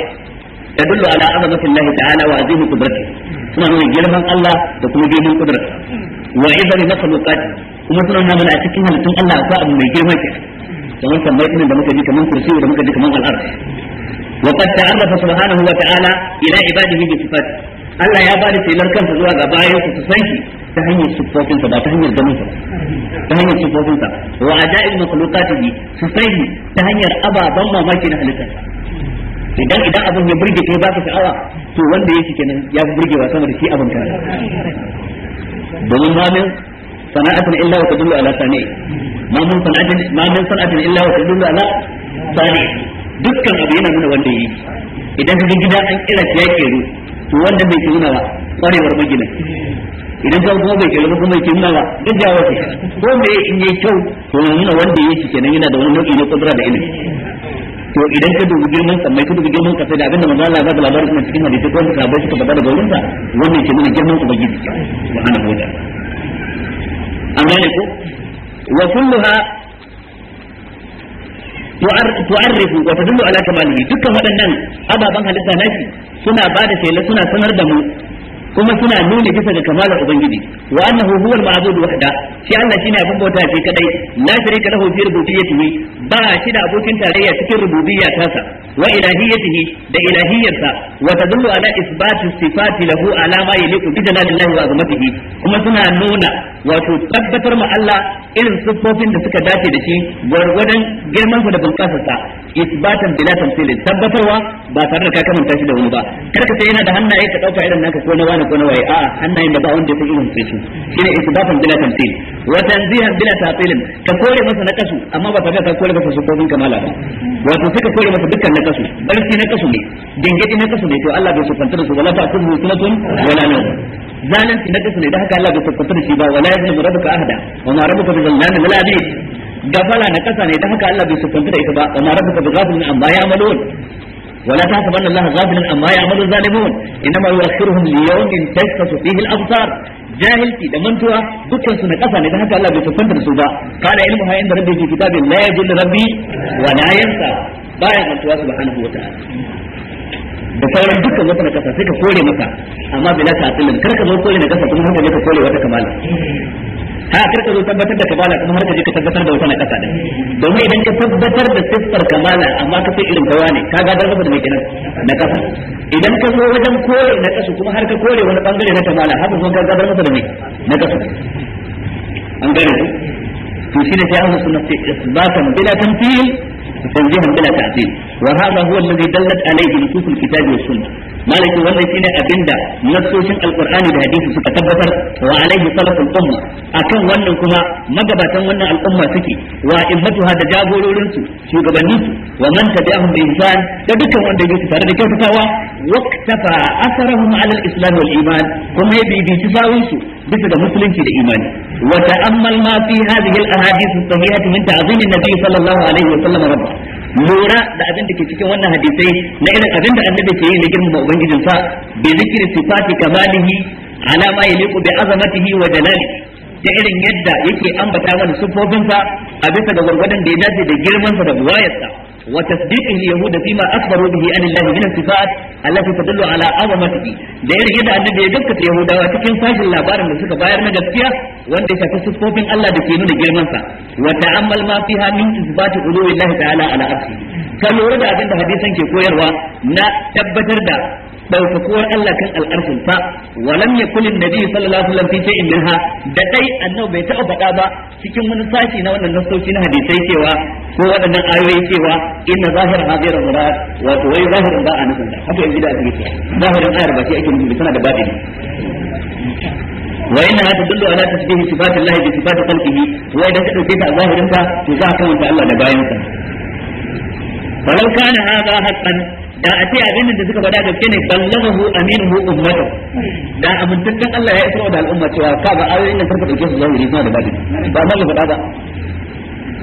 dullu ala azamatin Allah ta'ala wa azimu qudrati suna nuna girman Allah da kuma girman kudrata wa izami makhluqati kuma suna nuna mana a cikin halittun Allah akwai abu mai girma ke kamar tambayi da muka ji kamar kursi da muka ji kamar al'ar wa qad ta'arrafa subhanahu wa ta'ala ila ibadihi bi sifati Allah ya bada tilar kansa zuwa ga bayansa su san shi ta hanyar siffofin ba ta hanyar ganin sa ta hanyar siffofin sa wa ajaib bi sufaihi ta hanyar ababan mamaki na halitta idan idan abun ya burge kai ka sha'awa to wanda yake kenan ya burge wa sama da shi abun kana domin mamin sana'atin illa wa tadullu ala sani mamin sana'atin mamin sana'atin illa wa tadullu ala sani dukkan abu yana nuna wanda yi idan ka gida an kira ya ru to wanda bai nuna ba kwarewar magina idan ta kuma bai kalli kuma kin ba, duk da wace ko me in yi kyau to nuna wanda yake kenan yana da wani nau'i na kudura da ilimi to idan ka dubi girman sa mai ka dubi girman sai da abin da manzo ba da labarin kuma cikin hadisi ko ka bai ka bada da gurin sa wannan ke nuna girman ubangiji subhanahu wa ta'ala amma ne ko wa kulluha tu'arrifu wa tadullu ala kamalihi dukkan waɗannan ababan halitta nafi suna ba da shela suna sanar da mu kuma suna nuna bisa ga kamalar ubangiji wa annahu huwal ma'budu wahda shi Allah shine abin bauta shi kadai la sharika lahu fi rububiyyatihi ba shi da abokin tarayya cikin rububiyya tasa wa ilahiyyatihi da ilahiyyarsa wa tadullu ala isbati sifati lahu ala ma yaliqu bi jalalillahi wa azamatihi kuma suna nuna wato tabbatar ma Allah irin siffofin da suka dace da shi gwargwadon girman sa da bunƙasar sa isbatan bila tamthil tabbatarwa ba tare da ka kamanta shi da wani ba kar ka sai yana da hannaye ka dauka irin naka ko na wani ko na waye a'a hannayen da ba wanda ya san irin sai su shine isbatan bila tamthil wa tanzihan bila ta'til ka kore masa na kasu amma ba tare da ka kore masa siffofin kamala ba wato suka kore masa dukkan na kasu barci na kasu ne dingadi na kasu ne to Allah bai sufanta da su wala ta'khudhu sunatun wala nawm zalunci na kasu ne da haka Allah bai kwatanta da shi ba wala ya yazlimu rabbuka ahada wa ma rabbuka bi zallamin lil abid gafala na kasa ne da haka Allah bai kwatanta da ita ba wa ma rabbuka bi ghafilin amma ya'malun ولا تحسبن الله غافلا عما يعمل الظالمون انما يؤخرهم ليوم تشخص فيه الابصار jahilci da mantuwa dukkan su na kasa ne da haka Allah bai tafanta da su ba kana ilmu ha inda rabbi fi kitabin la yadullu rabbi wa la yansa baya mantuwa subhanahu wa ta'ala da sauran dukkan wata na kasa sai ka kore masa amma bila ta asilin kar ka zo kore na kasa kuma har ka kore wata kamala ha kar ka zo tabbatar da kamala kuma har ka je ka tabbatar da wata na kasa din domin idan ka tabbatar da siffar kamala amma ka sai irin kawa ne ka gadar masa da mai kenan na kasa idan ka zo wajen kore na kasa kuma har ka kore wani bangare na kamala haka zo ka gadar masa da mai na kasa an gane ku to shi ne sai an sunna isbatan bila tamthil tanzihan bila ta'dil wa hadha huwa alladhi dallat alayhi nusus alkitab wa sunnah malaki wannan shine abinda nassoshin alqur'ani da hadisi suka tabbatar wa alaihi salaful umma akan wannan kuma magabatan wannan al'umma suke wa immatuha da jagororin su shugabannin su wa man tabi'ahum bi ihsan da dukkan wanda yake tare da kyautatawa waqtafa asarahum ala wal iman kuma ya bibici sawun su musulunci da imani nabi lura da abin da ke cikin wannan hadisai na irin abin da annabi ke yi na girmama sa bi zikri sifati kamalihi ala ma yaliqu bi azamatihi wa jalalihi da irin yadda yake ambata mana sa a bisa da gurgurdan da ya dace da girman girmansa da sa وتصديقه اليهود فيما أخبروا به عن الله من الصفات التي تدل على عظمته da ya rige da annabi ya gaskata yahudawa cikin sashin labarin da suka bayar na gaskiya wanda ya shafi siffofin Allah da ke nuna girmansa wa ta'ammal ma fiha min isbati uluwi Allah ta'ala ala abdi ka lura da abin da hadisan ke koyarwa na tabbatar da ɗaukakuwar Allah kan al'arshin fa walam yakun annabi sallallahu alaihi wasallam fi shay'in minha da dai annabi bai taɓa faɗa ba cikin wani sashi na wannan nasoci na hadisai cewa ko waɗannan ayoyi cewa inna zahir hadir murad wa wai zahirin ba a nufin da haka yanzu da ake cewa zahirin ayar ba sai ake nufi tana da batini وإنها تدل على تشبيه صفات الله بصفات خلقه وإذا تدل على ظاهر أنت Allah da bayan sa. فلو كان هذا حقا da a ce abin da suka faɗa gaske ne ballahu aminuhu ummato da amintaccen Allah ya isra da al'umma cewa ka ga ayoyin da karka dauke su zahiri suna da babu ba ma faɗa ba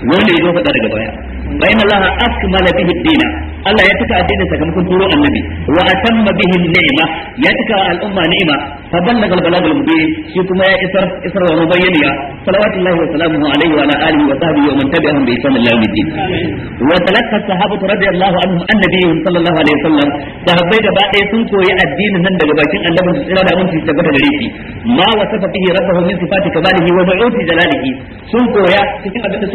wanda ya zo faɗa daga baya bayan Allah akmala bihi dina Allah ya tuka addinin sakamakon turo annabi wa atamma ni'ma ya tuka al'umma ni'ma fa ballaga al-balagh al-mubin kuma ya isar isar wa mubayyaniya salawatullahi wa salamuhu alayhi wa ala alihi wa sahbihi wa man tabi'ahum bi ihsan ila yawm din wa talaqqa sahabatu radiyallahu anhum an nabiyyi sallallahu alaihi wasallam sahabbai gaba ɗaya sun koyi addinin nan daga bakin annabi tsira da mun tsaka da gare shi ma wasafa bihi rabbahu min sifati ka wa du'uti jalalihi sun koya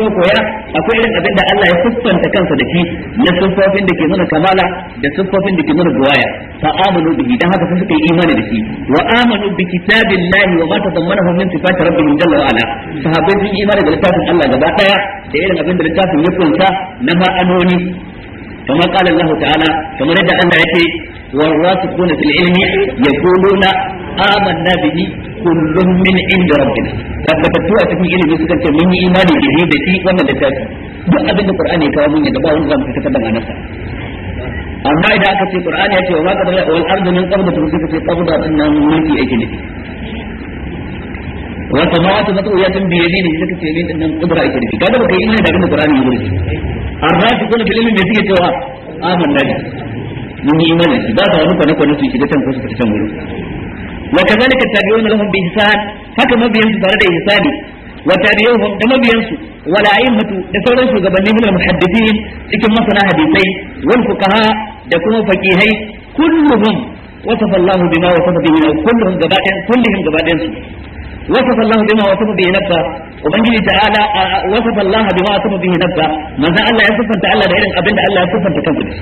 sun koya akwai irin abin da Allah siffanta kansa da shi na siffofin da ke nuna kamala da siffofin da ke nuna buwaya fa amanu bihi dan haka suka yi imani da shi wa amanu bi kitabillahi wa ma tadammanahu min sifati rabbihim jalla wa ala sahabbai sun imani da littafin Allah gaba daya da irin abin da littafin ya kunsa na ma'anoni كما Allah ta'ala تعالى da Allah yake wa والراسخون fil ilmi yaquluna amanna به كل min inda rabbina tabbatattu a cikin ilimi suka ce mun yi imani da shi da shi wannan littafi duk abin da qur'ani ya kawo mun yadda ba wanda zamu kai takardan a sa. amma idan aka ce qur'ani ya ce wa ka qadara wal ardu min qabla tu sai ka ce qabla din nan mulki yake ne wa samawati matwiyatun bi yamini sai ka ce min din nan qudra yake ne kaga baka yi imani da abin da qur'ani ya mulki arrafi kullu kalimin da suke cewa amanna ne mun yi imani ba ta wani kwana kwana su shiga can ko su fita can wurin wa kazalika tabi'una lahum bi ihsan haka mabiyan su tare da ihsani wa tabi'uhum da mabiyansu wa mutu da sauran shugabannin min al cikin masana hadisai wal fuqaha da kuma faqihai kulluhum wasafa Allah bima wasafa bihi kulluhum gabaɗayan kulluhum gabaɗayan su وصف الله بما وصف به نفسه وبنجي تعالى وصف الله بما وصف به نفسه من الله يصف تعالى ده irin abin da Allah ya siffanta kansa da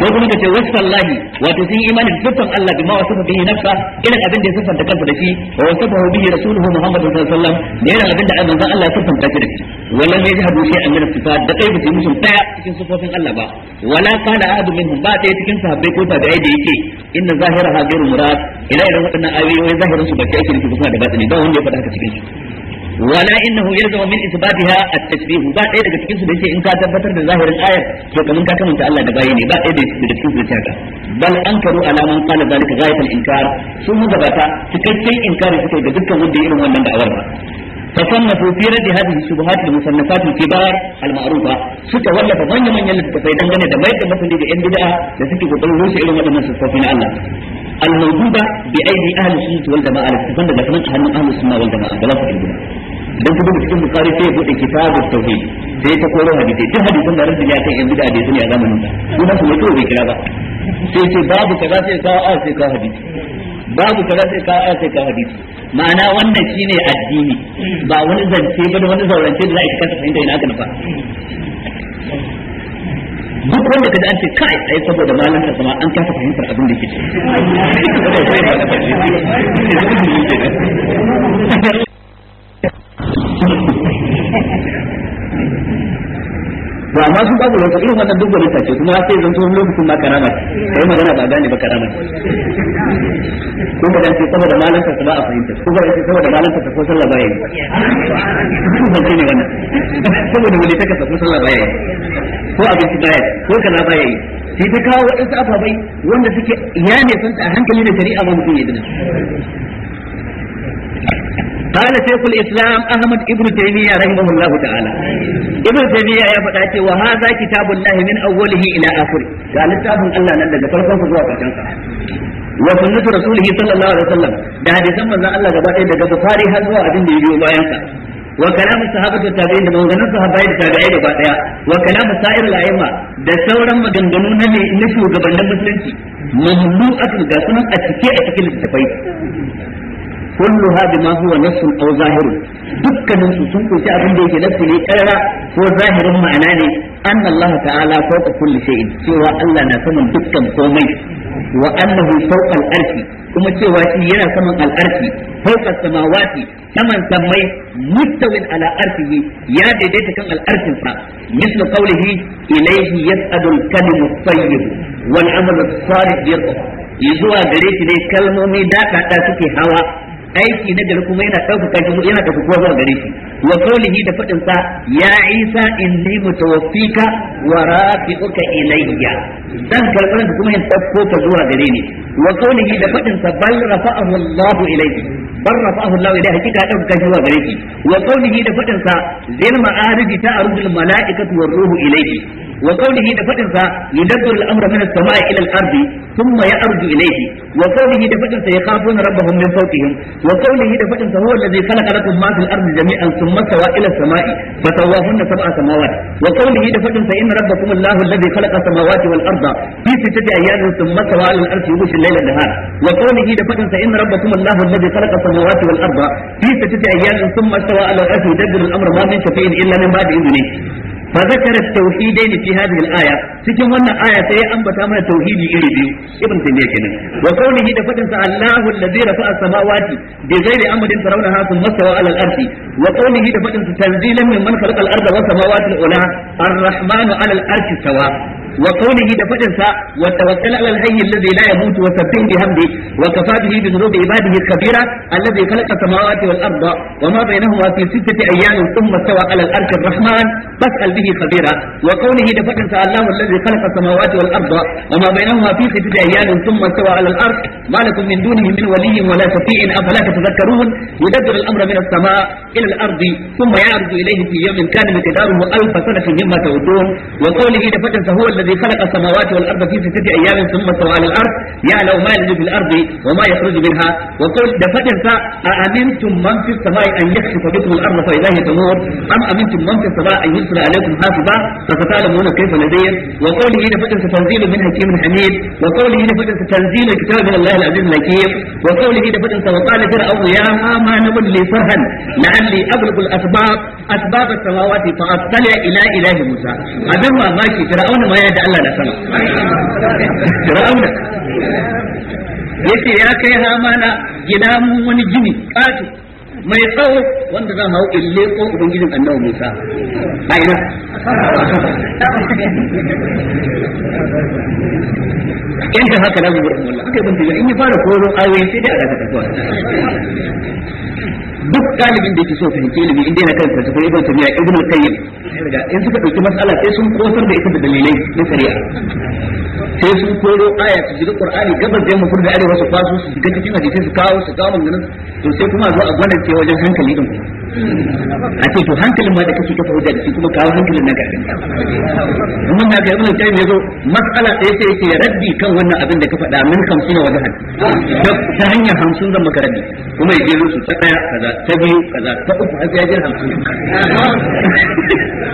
wai kuma kace wasallahi wato sun imani da siffan Allah bima wasafa bihi nafsa irin abin da ya da kansa da shi wa wasafahu bihi rasuluhu Muhammad sallallahu alaihi wasallam ne irin abin da manzon Allah ya siffanta shi da shi walam yajhadu shay'an min sifat da kai bisa musun daya cikin sifofin Allah ba wala kana ahadu minhum ba daya cikin sahabbai ko tabi'ai da yake inna zahira hadiru murad ina irin wadannan ayoyi zahirin su ba kai ke nufi kusa da batini ba wanda ya faɗa haka cikin su wala innahu yalzamu min isbatiha at-tashbih ba ɗaya daga cikin su da yake in ka tabbatar da zahirin ayar to kaman ka kamanta Allah da bayi ba ɗaya daga cikin su da haka bal ankaru ala man qala zalika ghayat al-inkar su magabata cikakken inkari suke ga dukkan wanda irin wannan da'awar ba تصنفوا في رد هذه الشبهات المصنفات الكبار المعروفة سكا ولا فظن من يلد تفيدن غني دمائي تمثل دي ان بدأ لسكي قطل روسي علم ودنا سفوفين الله الموجودة بأيدي أهل السنة والجماعة لتفند لكنك هم أهل السنة والجماعة بلا فكر idan ka duba cikin bukari sai ya bude kitabut tauhid sai ta koro hadisi duk hadisin da rubuta ya kai yan bid'a da sunni a zamanin sa kuma su ne bai kira ba sai sai babu kaza sai ka a sai ka hadisi babu kaza sai ka a sai ka hadisi ma'ana wannan shine addini ba wani zance ba da wani zaurance da za a kasa fahimta ina aka nufa duk wanda kaji an ce kai ai saboda malam ka sama an kasa fahimtar abin da ce [laughs] [laughs] [laughs] ba amma sun babu wata irin wannan duk gwamnati ce kuma sai zan tsohon lokacin ma karama kai magana ba gane ba karama kuma dan ce saboda malanta ta ba a fahimta kuma dan ce saboda malanta ta ko sallah ba yayi kuma ce ne wannan saboda wani ta kasa ko sallah ba ko abinci ba yayi ko kaza ba yayi sai ta kawo wadansu ababai wanda suke ya ne santa a hankali da shari'a ba mutum ya dinga قال شيخ الإسلام أحمد ابن تيمية رحمه الله تعالى ابن تيمية يا فتاتي وهذا كتاب الله من أوله إلى آخره قال كتاب الله نندق فرقا فضوا فتنسى وسنة رسوله صلى الله عليه وسلم ده هذه سمى الله قبل إيه ده بخاري هزوا أدين يجيو باينسا وكلام الصحابة التابعين ده مغنى الصحابة التابعين ده بعدها وكلام سائر الأئمة ده سورا مجنون نشو قبل المسلمين ممنوع أكل قاسنا أتكي أتكي للتفايد kulluha bima huwa nassun aw zahirun dukkanin sun kunshi abin da yake nassi ne karara ko zahirin ma'ana ne Annallahu Allah ta'ala fawqa kulli shay'in cewa Allah na saman dukkan komai wa annahu fawqa al kuma cewa shi yana saman al-arshi fawqa samawati saman samai mustawin ala arshihi ya daidaita kan al-arshin sa mislu qawlihi ilayhi yas'adu al-kalimu at-tayyib wal 'amalu as-salih yarqa zuwa gare shi ne kalmomi da suke hawa aiki na gari kuma yana kai kuma yana ɗaukaka zuwa gare shi wa qawlihi da faɗin sa ya isa inni mutawaffika wa rafi'uka ilayya dan karɓar ka kuma yana ɗauko ka zuwa gare ni wa qawlihi da faɗin sa bal rafa'ahu Allahu ilayhi bal rafa'ahu Allahu ilayhi hakika ɗauka kai zuwa gare shi wa qawlihi da faɗin sa zil ma'arij ta'arujul mala'ikatu war ruhu ilayhi wa qawlihi da fadin sa yudabbiru al-amra min as-sama'i ila al-ardi thumma ya'rudu ilayhi wa qawlihi da fadin sa yakhafuna rabbahum min fawqihim wa qawlihi da fadin sa huwa alladhi khalaqa lakum ma fil ardi jami'an thumma stawa ila as-sama'i fatawahunna sab'a samawat wa qawlihi da fadin sa inna rabbakum allahu alladhi khalaqa samawati wal arda fi sittati ayyamin thumma stawa ila al-arshi yughshi al-layla an-nahar wa qawlihi da fadin sa inna rabbakum allahu alladhi khalaqa fa zakara tauhidain fi hadhihi al-aya cikin wannan aya sai ya ambata mana tauhidi iri biyu ibn taymiya kenan wa qawlihi da fadin sa Allahu alladhi rafa'a as-samawati bi ghairi amrin tarawnaha thumma stawa 'ala al-ardi wa qawlihi da fadin sa tanzilan mimman khalaqa al-arda was samawati al ar-rahmanu 'ala al sawa وقوله دفجنسا والتوكل على الحي الذي لا يموت وسبه بهمده وكفى به بذنوب عباده الكبيرة الذي خلق السماوات والأرض وما بينهما في ستة أيام ثم استوى على الأرض الرحمن فاسأل به خبيرا وقوله دفجنسا الله الذي خلق السماوات والأرض وما بينهما في ستة أيام ثم استوى على الأرض ما لكم من دونه من ولي ولا شفيع أفلا تتذكرون يدبر الأمر من السماء إلى الأرض ثم يعرض إليه في يوم كان مقداره ألف سنة مما تعدون وقوله دفجنسا هو الذي الذي خلق السماوات والأرض في ستة أيام ثم استوى على الأرض يعلم ما يلج في الأرض وما يخرج منها وقل دفتنسا أأمنتم من في السماء أن يكشف بكم الأرض فإذا هي تمور أم أمنتم من في السماء أن يرسل عليكم حافظا فستعلمون كيف نذير وقوله دفتنسا تنزيل من حكيم حميد وقوله دفتنسا تنزيل الكتاب من الله العزيز الحكيم وقوله دفتنسا وقال ترى او يا ما ابن لي صهرا لعلي أبلغ الأسباب أسباب السماوات فأطلع إلى إله موسى هذا ما ماشي فرعون ما يدعي da Allah na sama fir'auna yace ya kai hamana gida mun wani gini ƙato mai tsawo wanda zan hau in leko ubangijin annabi Musa a ina in ta haka na gubar mulla aka ban tijan in ya fara koro ayoyi sai dai a daga tafiya duk galibin da yake so ta hanke ilimi inda yana kan falsafa ibn tabiya ibn al-qayyim in suka dauki mas'ala sai sun kosar da ita da dalilai na shari'a sai sun koro aya su shiga qur'ani gabar da yamma da arewa su kwaso su shiga cikin hadisi su kawo su kawo maganganun to sai kuma zuwa zo a gwanin ce wajen hankali din a ce to hankalin ma da kake kafa hujja da shi kuma kawo hankalin na garin mun na ga ibnu tayyib yazo mas'ala sai sai ya raddi kan wannan abin da ka faɗa min kan suna wajen ta hanyar hamsin zan maka raddi kuma ya je ta ɗaya kaza ta biyu kaza ta uku har ya je hamsin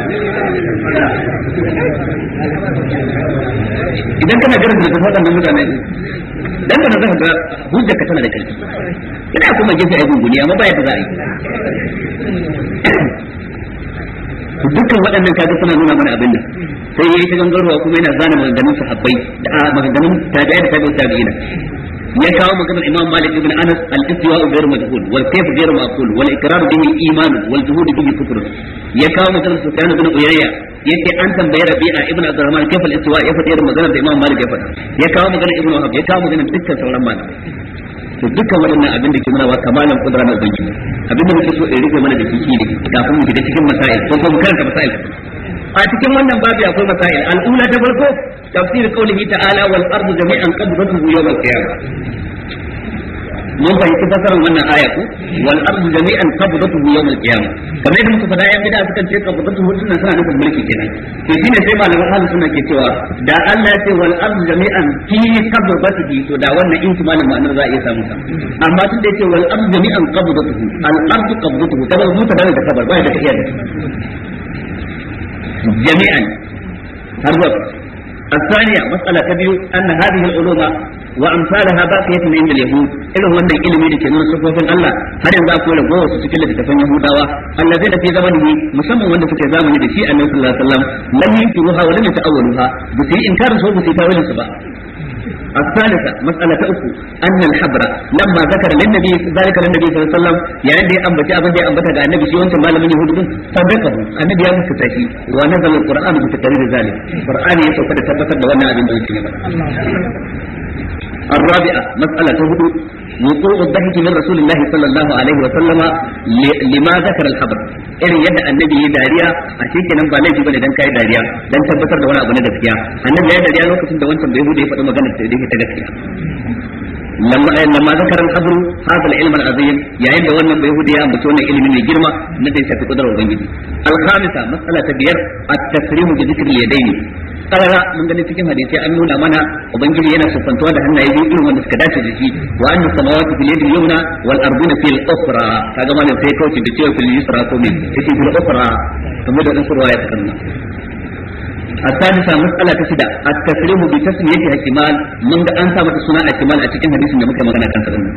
idan kana garin da tafi waɗannan mutane dan da zaka ga hujjar ka tana da kai ina kuma gefe ai gunguni amma ba yadda za a yi dukkan waɗannan kaga suna nuna mana abin nan sai yayi ta gangarwa kuma yana zana maganganun sahabbai da maganganun tabi'ai da tabi'u tabi'ina ya kawo maganar imam malik ibn anas al-istiwa ghayr majhul wal kayf ghayr maqul wal iqrar bihi iman wal juhud bihi kufr ya kawo maganar sufyan ibn uyayya yace an tambaye rabi'a ibn abdurrahman kayf al-istiwa ya faɗi irin maganar da imam malik ya faɗa ya kawo maganar ibn wahab ya kawo maganar dukkan sauran malamai to dukkan waɗannan abin da ke nuna wa kamalan kudura na ubangiji abin da muke so in rike mana da kiki ne kafin mu shiga cikin masail ko kuma karanta masail a cikin wannan babu akwai masail al'ula ta farko tafsir qaulihi ala wal ardu jami'an qabdatuhu yawm al-qiyamah mun fahimci fasarar wannan aya ko wal ardu jami'an qabdatuhu yawm al-qiyamah kamar yadda muka faɗa yan bid'a suka ce qabdatuhu sunan suna nufin mulki kenan to shine sai malaman ahlus suna ke cewa da Allah ya ce wal ardu jami'an fi qabdatihi to da wannan intimalin ma'anar za a iya samu sa amma tun da yake wal ardu jami'an hu, al ardu qabdatuhu kabar muta da kabar ba da iya da jami'an har zuwa الثانية مسألة تبيو أن هذه العلوم وأمثالها باقية عند اليهود إلهم أن إلمي لكي من صفوف الله هل ينزع كل قوة سكلة تفن يهودا الذين في زمنه مسمى وأن في زمنه بشيء النبي صلى الله عليه وسلم لم ينكروها ولم يتأولوها بسيء إنكار صوب سيطاوين سبا الثالثة مسألة أخو أن الحبر لما ذكر للنبي ذلك للنبي صلى الله عليه وسلم يعني أم بتي أبن دي أم بتي النبي شيء وانت ما لم يهود بن صدقه النبي أم ستاشي ونزل القرآن بتكرير ذلك القرآن يتوقع تثبت لنا أبن دي الرابعة مسألة تهدو وقوع الضحك من رسول الله صلى الله عليه وسلم لما ذكر الخبر irin yadda annabi ya dariya a cikin nan ba laifi bane dan kai dariya dan tabbatar da wani abu na gaskiya annabi ya dariya lokacin da wancan bai bude ya faɗi magana ta gaskiya lamma eh, lamma zakaran azru hadal ilm azim yayin da wannan bai hudiya ambaci wannan ilimi mai girma na da shafi kudarar ubangiji al-khamisa mas'ala ta biyar at mu bi dhikri yadayni sarara mun gani cikin hadisi an nuna mana ubangiji yana sufantuwa da hannaye biyu irin wanda suka dace da shi wa anna samawati fil yadi yawna wal arduna fil ukhra kaga malam sai kauce da cewa fil yusra ko min fil ukhra kamar da dan ya السادسة مسألة تسدى التسليم بتسمية احتمال من أن ثابت الصناعة احتمال أتكن حديث من مكة مغنى كان سبنا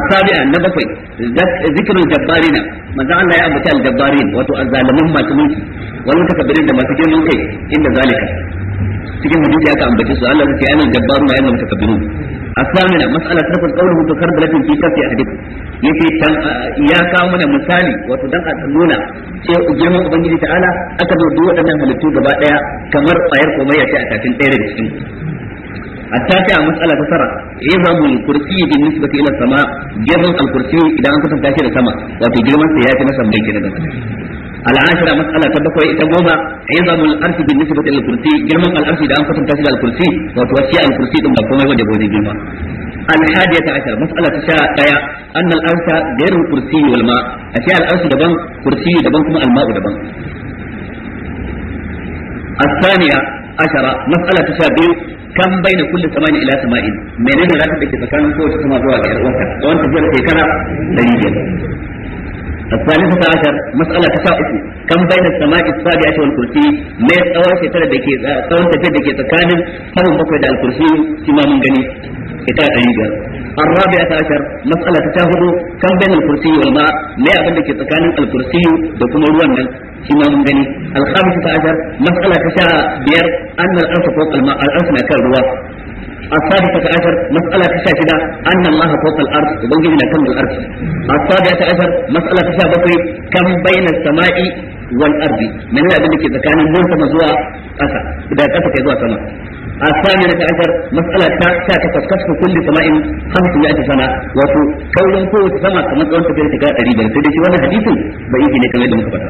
السابعة نبقي ذكر الجبارين من ذا الله يأبتع الجبارين وتؤذالمون ما تموت والمتكبرين ما تجين منك إن ذلك cikin حديث يا ambace su Allah ya ce ayyul A Saminu, Mas'ala ta nufin ɗaura kar da lafin kai kafi a haditha, ya ya kawo mana misali wato dan a nuna, sai a biya min bangin bi ta'ala, a ka bar duhu waɗannan halittu gabaɗaya kamar a komai a ce a cacan ɗaya da baƙi. A caca a Mas'ala ta tsara, e za mu yi kursi ya ke nufin su da ta al-kursi idan an kasanta da kama, wato girman sa ya fi masa mai kira da al'ashira mas'ala ta bakwai ita goma izamul arshi bin nisbati al kursi girman al da an kwatanta shi da al kursi wato wasiya al kursi din ba komai bane bane girma al hadiyata ashar mas'ala ta sha daya an al arsha ghairu kursi wal ma ashe al arshi daban kursi daban kuma al ma'u daban الثانية عشرة مسألة تشابه كم بين كل سماء إلى سماء من أين لا تدك فكان كل سماء ذو وانت وانت في الكلام الثالثة عشر مسألة اسم كم بين السماء السابعة والكرسي ما يتساوي في ترى دكي تساوي تفيد دكي تكان فهو مقعد الكرسي كما من جني إتاء أيضا الرابعة عشر مسألة تشاهد كم بين الكرسي والماء ما يعبد دكي تكان الكرسي دكم الوانا كما من جني الخامسة عشر مسألة تشاهد بير أن الأرض فوق الماء الأرض ما كان السادسة عشر مسألة الشاشدة أن الله فوق الأرض وبنجينا كم الأرض السابعة عشر مسألة الشابكري كم بين السماء والأرض من هذا اللي كذا كان نور سما أسا إذا أسا كذوا سماء الثامنة عشر مسألة شاكة كشف كل سماء مئة سنة وفو كون قوة سماء كما تقول تفير تكاء قريبا سيدي شو هذا حديث بإيدي لك ميدا مكبتا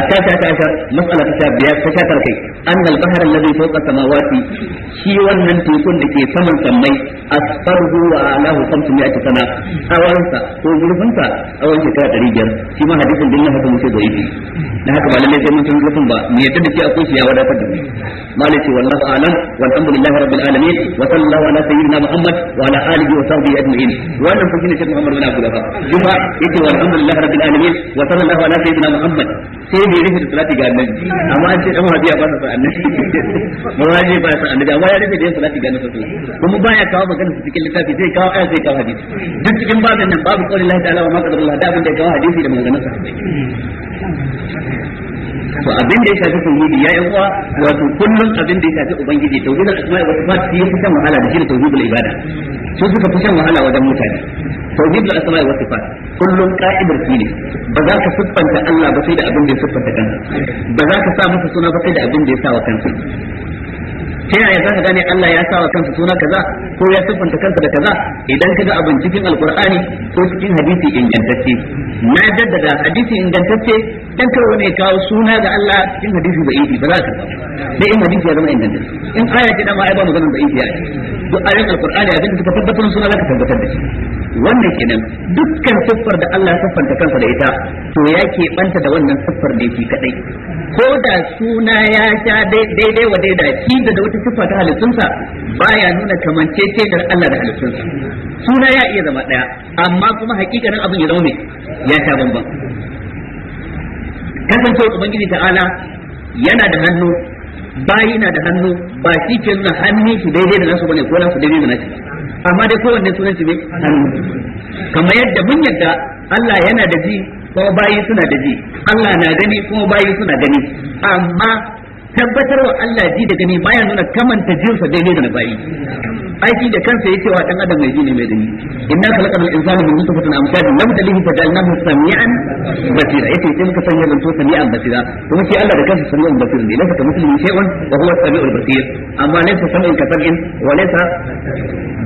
التاسعة عشر مسألة تشابيات تشاكر كي أن البحر الذي فوق السماوات شيء ونن تكون لكي سمن سمي أسفره خمس مئة سنة هو أولنسا وغرفنسا أول شكاء قريبا شما حديث دلنا هذا مشي ضعيفي نحن كما للي زمن تنزلتم با ميتدك أقوشي أولا تدري مالك والله أعلم والله walhamdulillahi rabbil alamin wa sallallahu ala sayyidina muhammad wa ala alihi wa sahbihi ajma'in wannan fa shine shek muhammad bin abdul wahab juba yake walhamdulillahi rabbil alamin wa sallallahu ala sayyidina muhammad sai bai rufe da salati ga annabi amma an ce dan hadiya ba sa annabi mawaji ba sa annabi amma ya rufe da salati ga annabi kuma baya kawo magana su cikin littafi zai kawo aya zai kawo hadisi duk cikin babin nan babu qaulillahi ta'ala wa ma qadarullah da abin da ya kawo hadisi da maganganun sa. to abin da ya shafi tauhidi ya yi uwa wato kullum abin da ya shafi ubangiji tauhidul asma'i wa sifat shi fi shan wahala da shi da tauhidul ibada su suka fi shan wahala wajen mutane tauhidul asma'i wa sifat kullum ka'idar shi ne ba za ka siffanta Allah ba sai da abin da ya siffanta kansa ba za ka sa masa suna ba sai da abin da ya sa wa kansa ta yaya za ka gane Allah ya sawa kansa suna kaza ko ya siffanta kansa da kaza idan ka ga abin cikin alkur'ani ko cikin hadisi ingantacce na jaddada hadisi ingantacce dan kar wani ya kawo suna ga Allah cikin hadisi da ba za ka sai in hadisi ya zama ingantacce in aya ce dama ai ba maganar da ifi ya ce duk ayan alkur'ani abin da suka tabbatar suna za ka tabbatar da shi wannan kenan dukkan siffar da Allah ya siffanta kansa da ita to ya keɓanta da wannan siffar da yake kadai ko da suna ya sha daidai wa daidai shi da wata sifa ta halittunsa baya nuna da Allah da halittunsa suna ya iya zama daya amma kuma hakikanin abin ya zama ya sha bamban kasance ubangiji ta'ala yana da hannu bayi na da hannu ba shi ke nuna hannun shi daidai da nasu bane ko nasu daidai da nasu amma dai kowanne sunan shi ne hannu kamar yadda mun yadda Allah yana da ji kuma bayi suna da ji Allah na gani kuma bayi suna gani amma tabbatar wa Allah ji daga ne baya nuna kamanta jinsa daidai da na bayi aiki da kansa ya wa dan adam mai gini mai dani inna khalaqal insana min nutfatin amshajin nabtalihi fajalnahu samian basira yace sai muka sanya to samian basira kuma sai Allah da kansa samian basira ne lafa kamithlihi shay'un wa huwa samiul basir amma laysa sam'un ka sam'in wa laysa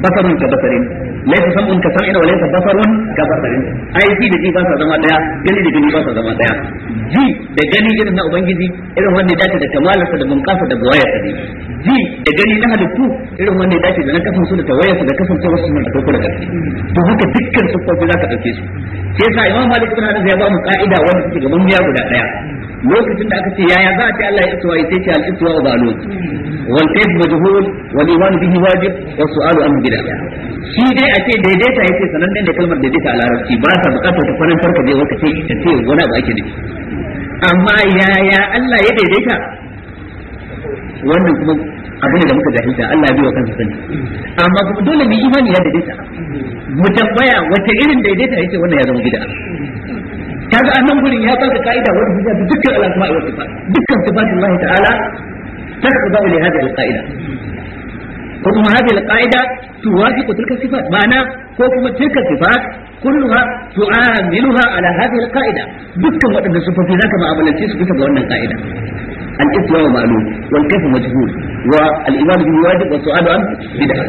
basarun ka basarin laysa sam'un ka sam'in wa laysa basarun ka basarin aiki da ji ba sa zama daya gani da gani ba sa zama daya ji da gani irin na ubangiji irin wanda ya dace da kamalarsa da bunƙasa da buwayarsa ne ji da gani na halittu irin wanda ya dace da kafin su da tawayar su da kasance wasu suna da farko da ƙarshe to haka dukkan siffofi za ka ɗauke su sai sa imam malik ibn hanas ya ba mu ka'ida wanda take gaban miya guda ɗaya lokacin da aka ce yaya za a ce Allah ya isuwa ya ce al-istiwa wa balu wal qaid majhul wal iman bihi wajib wa su'alu an gida, shi dai a ce daidaita yake sanannen da kalmar daidaita a larabci ba sa bukatar ta kwanan farka zai wata ce ta ce wani abu ake nufi amma yaya Allah ya daidaita wannan kuma abin da muka jahilta Allah ya biyo kansa sani amma kuma dole mu imani ya daidaita mu tambaya wata irin daidaita yake wannan ya zama bid'a kaga annan gurin ya farka kaida wa hujja dukkan al-asma'i wa sifat dukkan sifatullah ta'ala tasba'u li hadhihi al-qa'ida ko kuma hadhihi al-qa'ida tuwafiqu tilka sifat ma'ana ko kuma tilka sifat kulluha tu'amiluha ala hadhihi al-qa'ida dukkan wadannan sifofi zaka mu'amalance su bisa ga wannan qa'ida al-istiwa ma'lum wal kayf majhul والإيمان به واجب والسؤال عنه بدعة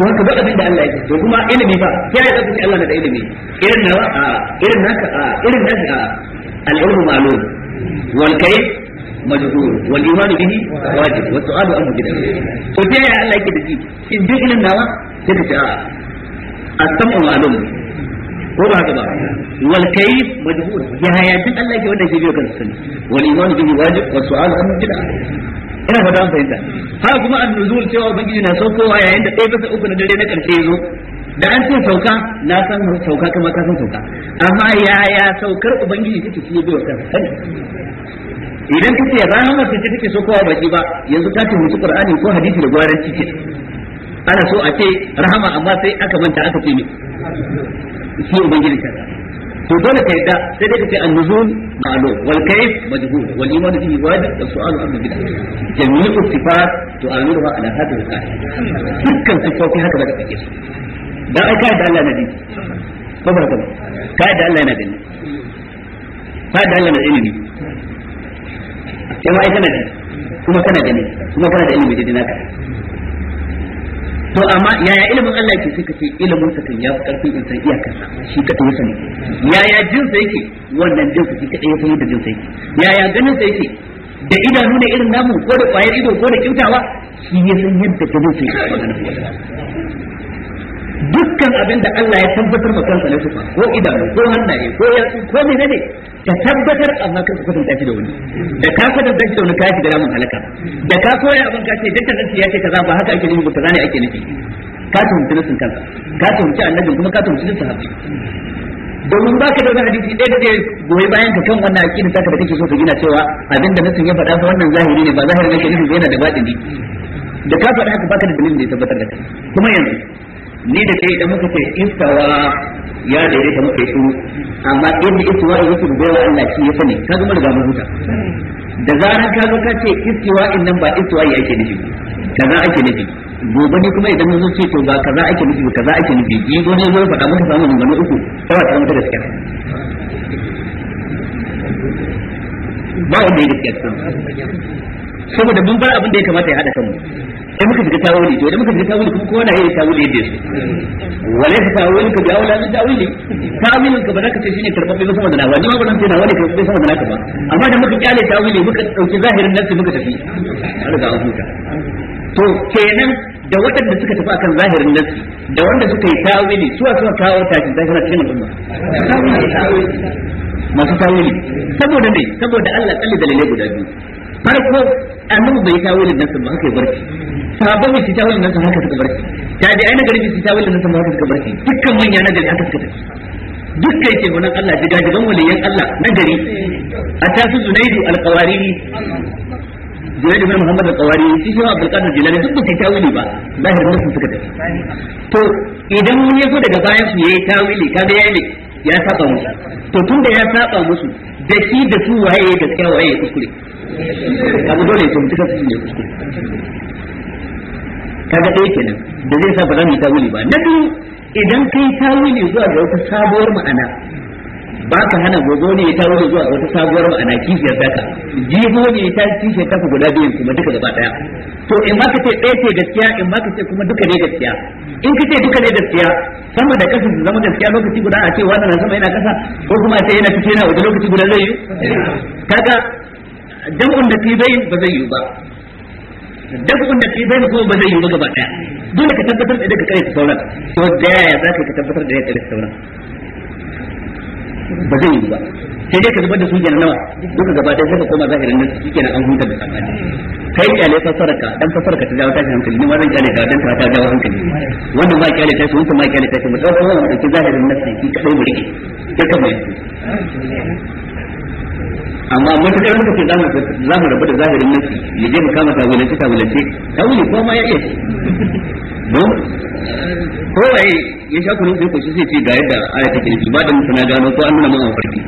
to haka ba abin da Allah ya to kuma ilimi ba ya yi zaka ce Allah na da ilimi irin nawa a irin naka a irin naka a al-ilmu ma'lum wal kayf majhul wal iman bihi wajib wa su'alu an mujid to ta ya Allah yake da shi in duk irin nawa sai ka ce a as-sam'u ma'lum ko ba haka ba wal kayf majhul ya ya duk Allah yake wanda shi biyo kansa wal iman bihi wajib wa su'alu an mujid ina fata an fahimta haka kuma an-nuzul cewa ubangiji na saukowa yayin da ɗaya bisa uku na dare na karshe zo da an ce sauka na san sauka kamar ka san sauka amma yaya saukar ubangiji take shi bai wa kansa idan kace ranar ta ce take saukowa baki ba yanzu ta tuhunci qur'ani ko hadisi da gwaran ciki. ana so a ce rahama amma sai aka manta aka ce ne shi ubangiji kansa to dole kai da sai dai kace an nuzul ma'lum wal kayf majhul wal iman bihi wajib wal su'al an bid'a jami'u sifat to an tu'amiruha ala hadhihi al-qa'ida dukkan sifofi haka daga kake su dan ai kai da Allah na dini ko ba haka kai da Allah na dini kai da Allah na ilimi kai ai kana dini kuma kana gani kuma kana da ilimi da dinaka to amma yaya ilimin Allah yake sai kace ilimin sa kan ya fi karfin insan iyakar sa shi kadai ya sani yaya jin sa yake wannan jin shi kadai ya sani da jin sa yake yaya ganin sa yake da idanu da irin namu ko da kwayar ido ko da kyautawa shi ya san yadda ganin sa yake dukkan abin da Allah ya tabbatar ma kansa ne sifa ko idanu ko hannaye ko yatsu ko ne. ka tabbatar amma kar ka kwatanta shi da wani da ka kwatanta shi da wani ka shiga ramin halaka da ka koya abin ka ce dukkan nan ya ce kaza ba haka ake nufi ba kaza ne ake nufi ka tuhumci nasin kansa ka tuhumci annabi kuma ka tuhumci nasin sahabi domin ba ka da wani hadisi ɗaya da ɗaya goyi bayan ka kan wannan aƙidar taka da kake so ka gina cewa abin da nasin ya faɗa fa wannan zahiri ne ba zahiri ne ke nufi yana da batini da ka faɗa haka ka da dalilin da ya tabbatar da kai kuma yanzu ni da kai idan muka ce istawa ya daidaita muka yi shiru amma inda istawa da yake bai wa Allah shi ya sani ka ga riga mun huta da zaran ka zo ka ce istawa in nan ba istawa ya ake nufi kaza ake nufi gobe ne kuma idan mun ce to ba kaza ake nufi ba kaza ake nufi ji gobe zo faɗa muka samu mun uku sai ta mutu gaskiya ba wanda ya gaskiya saboda mun bar abin da ya kamata ya hada kanmu sai muka shiga tawuli to idan muka shiga tawuli kuma kowa na yin tawuli yadda su walai ka tawuli ka bi aula min tawuli tawulin ka ba za ka ce shine karfafe ba sama da nawa ni ma ba zan ce nawa ne karfafe sama da naka ba amma da muka kyale tawuli muka dauki zahirin nan muka tafi an riga an huta to kenan da waɗanda suka tafi akan zahirin nan da wanda suka yi tawili suwa suka kawo tashin zahirin a cikin al'umma masu tawuli saboda ne saboda Allah tsalli dalilai guda biyu farko annabi bai tawilin nan ba haka ya barci sahabban bai tawilin nan haka suka barci tabi'ai na gari bai tawilin nan haka suka barci dukkan manya na gari haka suka tafi dukkan shehunan Allah jigajigan waliyan Allah na gari a tasu zunaidu alƙawarini zunaidu bin Muhammad alƙawarini shi shi Abdul Qadir Jilani duk bai tawili ba Ba lahirin mutum suka tafi to idan mun yazo daga bayan su yayi tawili kaga yayi ne ya saba musu to tun da ya saba musu da shi da su waye gaskiya waye kuskure kaga dole ya tumtuka su ne kaga ɗaya kenan da zai sa ba za mu yi ba na biyu idan kai wuli zuwa ga wata sabuwar ma'ana ba ka hana gogo ne ya wuli zuwa ga wata sabuwar ma'ana kishiyar daka jiho ne ya tashi kishiyar daka guda biyu kuma duka gaba ɗaya to in ma ka ce ɗaya ce gaskiya in ma ka ce kuma duka ne gaskiya in ka ce duka ne gaskiya sama da kasa su zama gaskiya lokaci guda a ce wannan na sama yana kasa ko kuma a ce yana tafiya na wata lokaci guda zai yi kaga jam'un da fi bai ba zai yi ba dafin da fi bai kuma ba zai yi ba gaba daya dole ka tabbatar da ka kare sauran to da yaya za ka tabbatar da ya kare sauran ba zai yi ba sai dai ka zubar da su kenan nawa duka gaba daya sai ka koma zahirin nan shi kenan an huta da sakani kai kyale fasarka dan fasarka ta jawo tashin hankali ne ma zan kyale ta dan ta jawo hankali wannan ma kyale ta wannan ma kyale tashi mu dauko wannan dauki zahirin nan sai ki kadai mu rike ka mai amma matakar muka ce za mu rabu da zahirin nasi ya je mu kama tabulance ta tabuli ko ma ya iya ce kowaye ya sha kunun sai koshi sai ce ga yadda aya take ba da musu na gano ko an nuna mun farki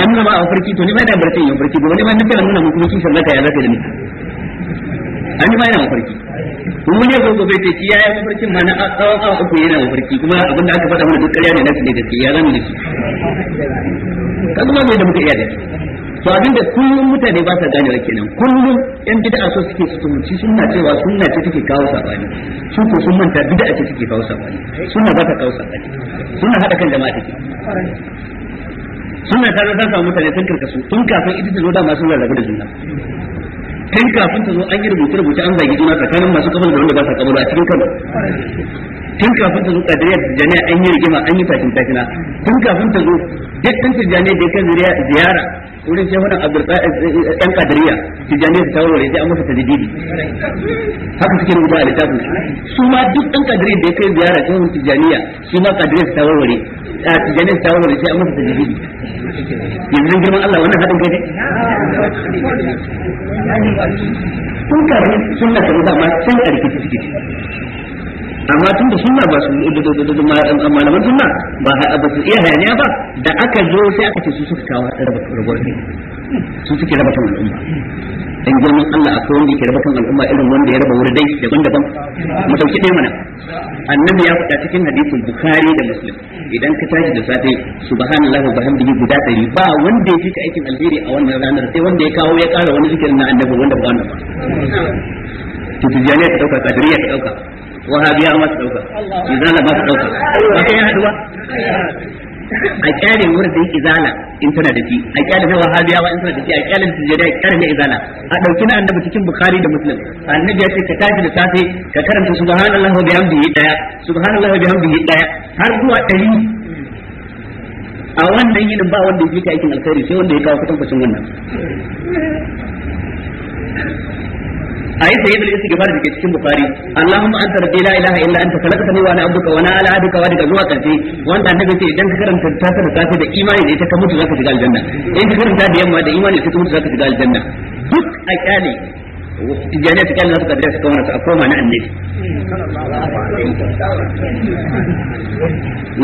an nuna ma farki to ne ma da barci yin farki gobe ne ma nake nuna mun kuma kishin naka ya zaka da ni an ma yana mafarki kuma gobe ce shi yayi mafarkin ma na tsawon awa uku yana mafarki kuma abinda aka faɗa mana duk ƙarya ne na ne gaskiya ya zama da shi kaga ma mai da muka iya da to abinda kullum mutane ba sa ganewa kenan kullum yan bid'a so suke su tumunci sunna cewa sunna ce take kawo sabani su ko sun manta bid'a ce take kawo sabani sunna ba ta kawo sabani sunna hada kan jama'a take sunna ta zo ta samu mutane sun karkasu tun kafin ita ta zo da masu rarrabe da juna tun kafin ta zo an yi rubuce rubuce an zagi juna tsakanin masu kafin da wanda ba sa kabul a cikin kano tun kafin ta zo kadiriyar jami'a an yi rigima an yi fashin fashina tun kafin ta zo duk tun jami'a da ya kan ziyara wurin shehunan abdursa yan eh, eh, eh, kadariya tijani su tawarware sai an masa tajidi haka suke rubuta a littafin su ma duk ɗan kadariya da ya kai ziyara shehun tijaniya su ma kadariya su tawarware a tijani su tawarware sai an masa tajidi yanzu girman Allah wannan haɗin kai ne tun kafin sunna ta rubuta ma sun a rikici suke amma tun da sunna ba su malaman sunna ba ba su iya hayaniya ba da aka zo sai aka ce su suka kawo rabuwar ne su suke raba kan al'umma dan girman Allah a kowanne yake raba kan al'umma irin wanda ya raba wuridai daban-daban mu dauki ɗaya mana annabi ya faɗa cikin hadisin bukhari da muslim idan ka tashi da safe subhanallahi wa bihamdihi guda ɗari ba wanda ya fita aikin alheri a wannan ranar sai wanda ya kawo ya ƙara wani zikirin na annabi wanda ba wannan ba to tijaniya ka dauka kadiriya dauka wahabiya ma su dauka izala ba su dauka ba sai ya haɗu a kyale wurin da yake izala in tana da shi a kyale na wahabiyawa in tana da shi a kyale su jira a kyale na izala a dauki na annabi cikin bukhari da muslim annabi ya ce ka tashi da safe ka karanta subhanallahi wa bihamdihi daya subhanallahi wa bihamdihi daya har zuwa dari? a wannan yinin ba wanda ya fi aikin alkhairi sai wanda ya kawo kutan kusan wannan ayi sai da istighfar da ke cikin bukhari allahumma anta rabbi la ilaha illa anta khalaqtani wa ana abduka wa ana ala abdika wa daga zuwa karshe wanda annabi ce idan ka karanta ta ta safe da imani da ita ka mutu zaka shiga aljanna in ka karanta da yamma da imani da ka mutu zaka shiga aljanna duk a kyale tijjani ta kyale zaka da suka wannan a koma na annabi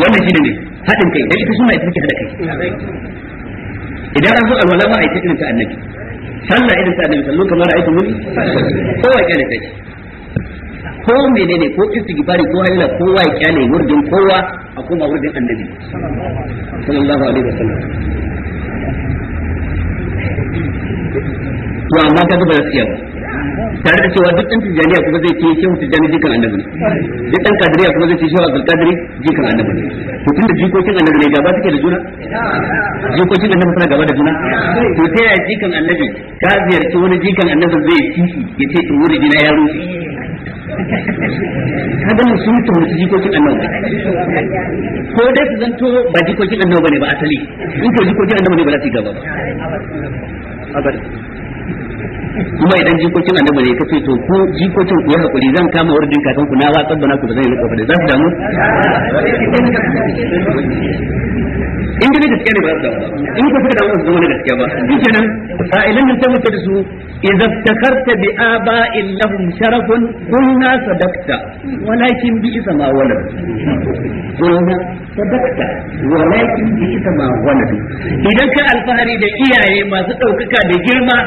wannan shi ne haɗin kai da ita suna ita take haɗa kai idan an zo alwala ba a yi ta irin ta annabi sallah irin sa annabi sallu kamar aikin muni ko wa kyale kai ko menene ko istighfari ko haila ko wa kyale wurdin kowa a kuma wurdin annabi sallallahu alaihi wasallam to amma ka ba su yawa tare da cewa duk dan tijaniya kuma zai ce shehu tijani jikan annabi ne duk dan kadiriya kuma zai ce shehu abdul kadiri jikan annabi ne to tunda jikokin annabi ne gaba suke da juna jikokin annabi suna gaba da juna to ta yaya jikan annabi ka ziyarci wani jikan annabi zai ci ya ce to wuri jina ya rufe ka ganin sun tuhumci jikokin annabi ko dai su zanto ba jikokin annabi ne ba asali in ko jikokin annabi ne ba za su yi gaba ba kuma idan jikokin annabi ne kace to ku jikokin ku hakuri zan kama wurin kakan ku na watsar da naku ba zan yi riko da za damu in gani gaskiya ne ba su in ku suka zama na gaskiya ba idan ka alfahari da iyaye masu daukaka da girma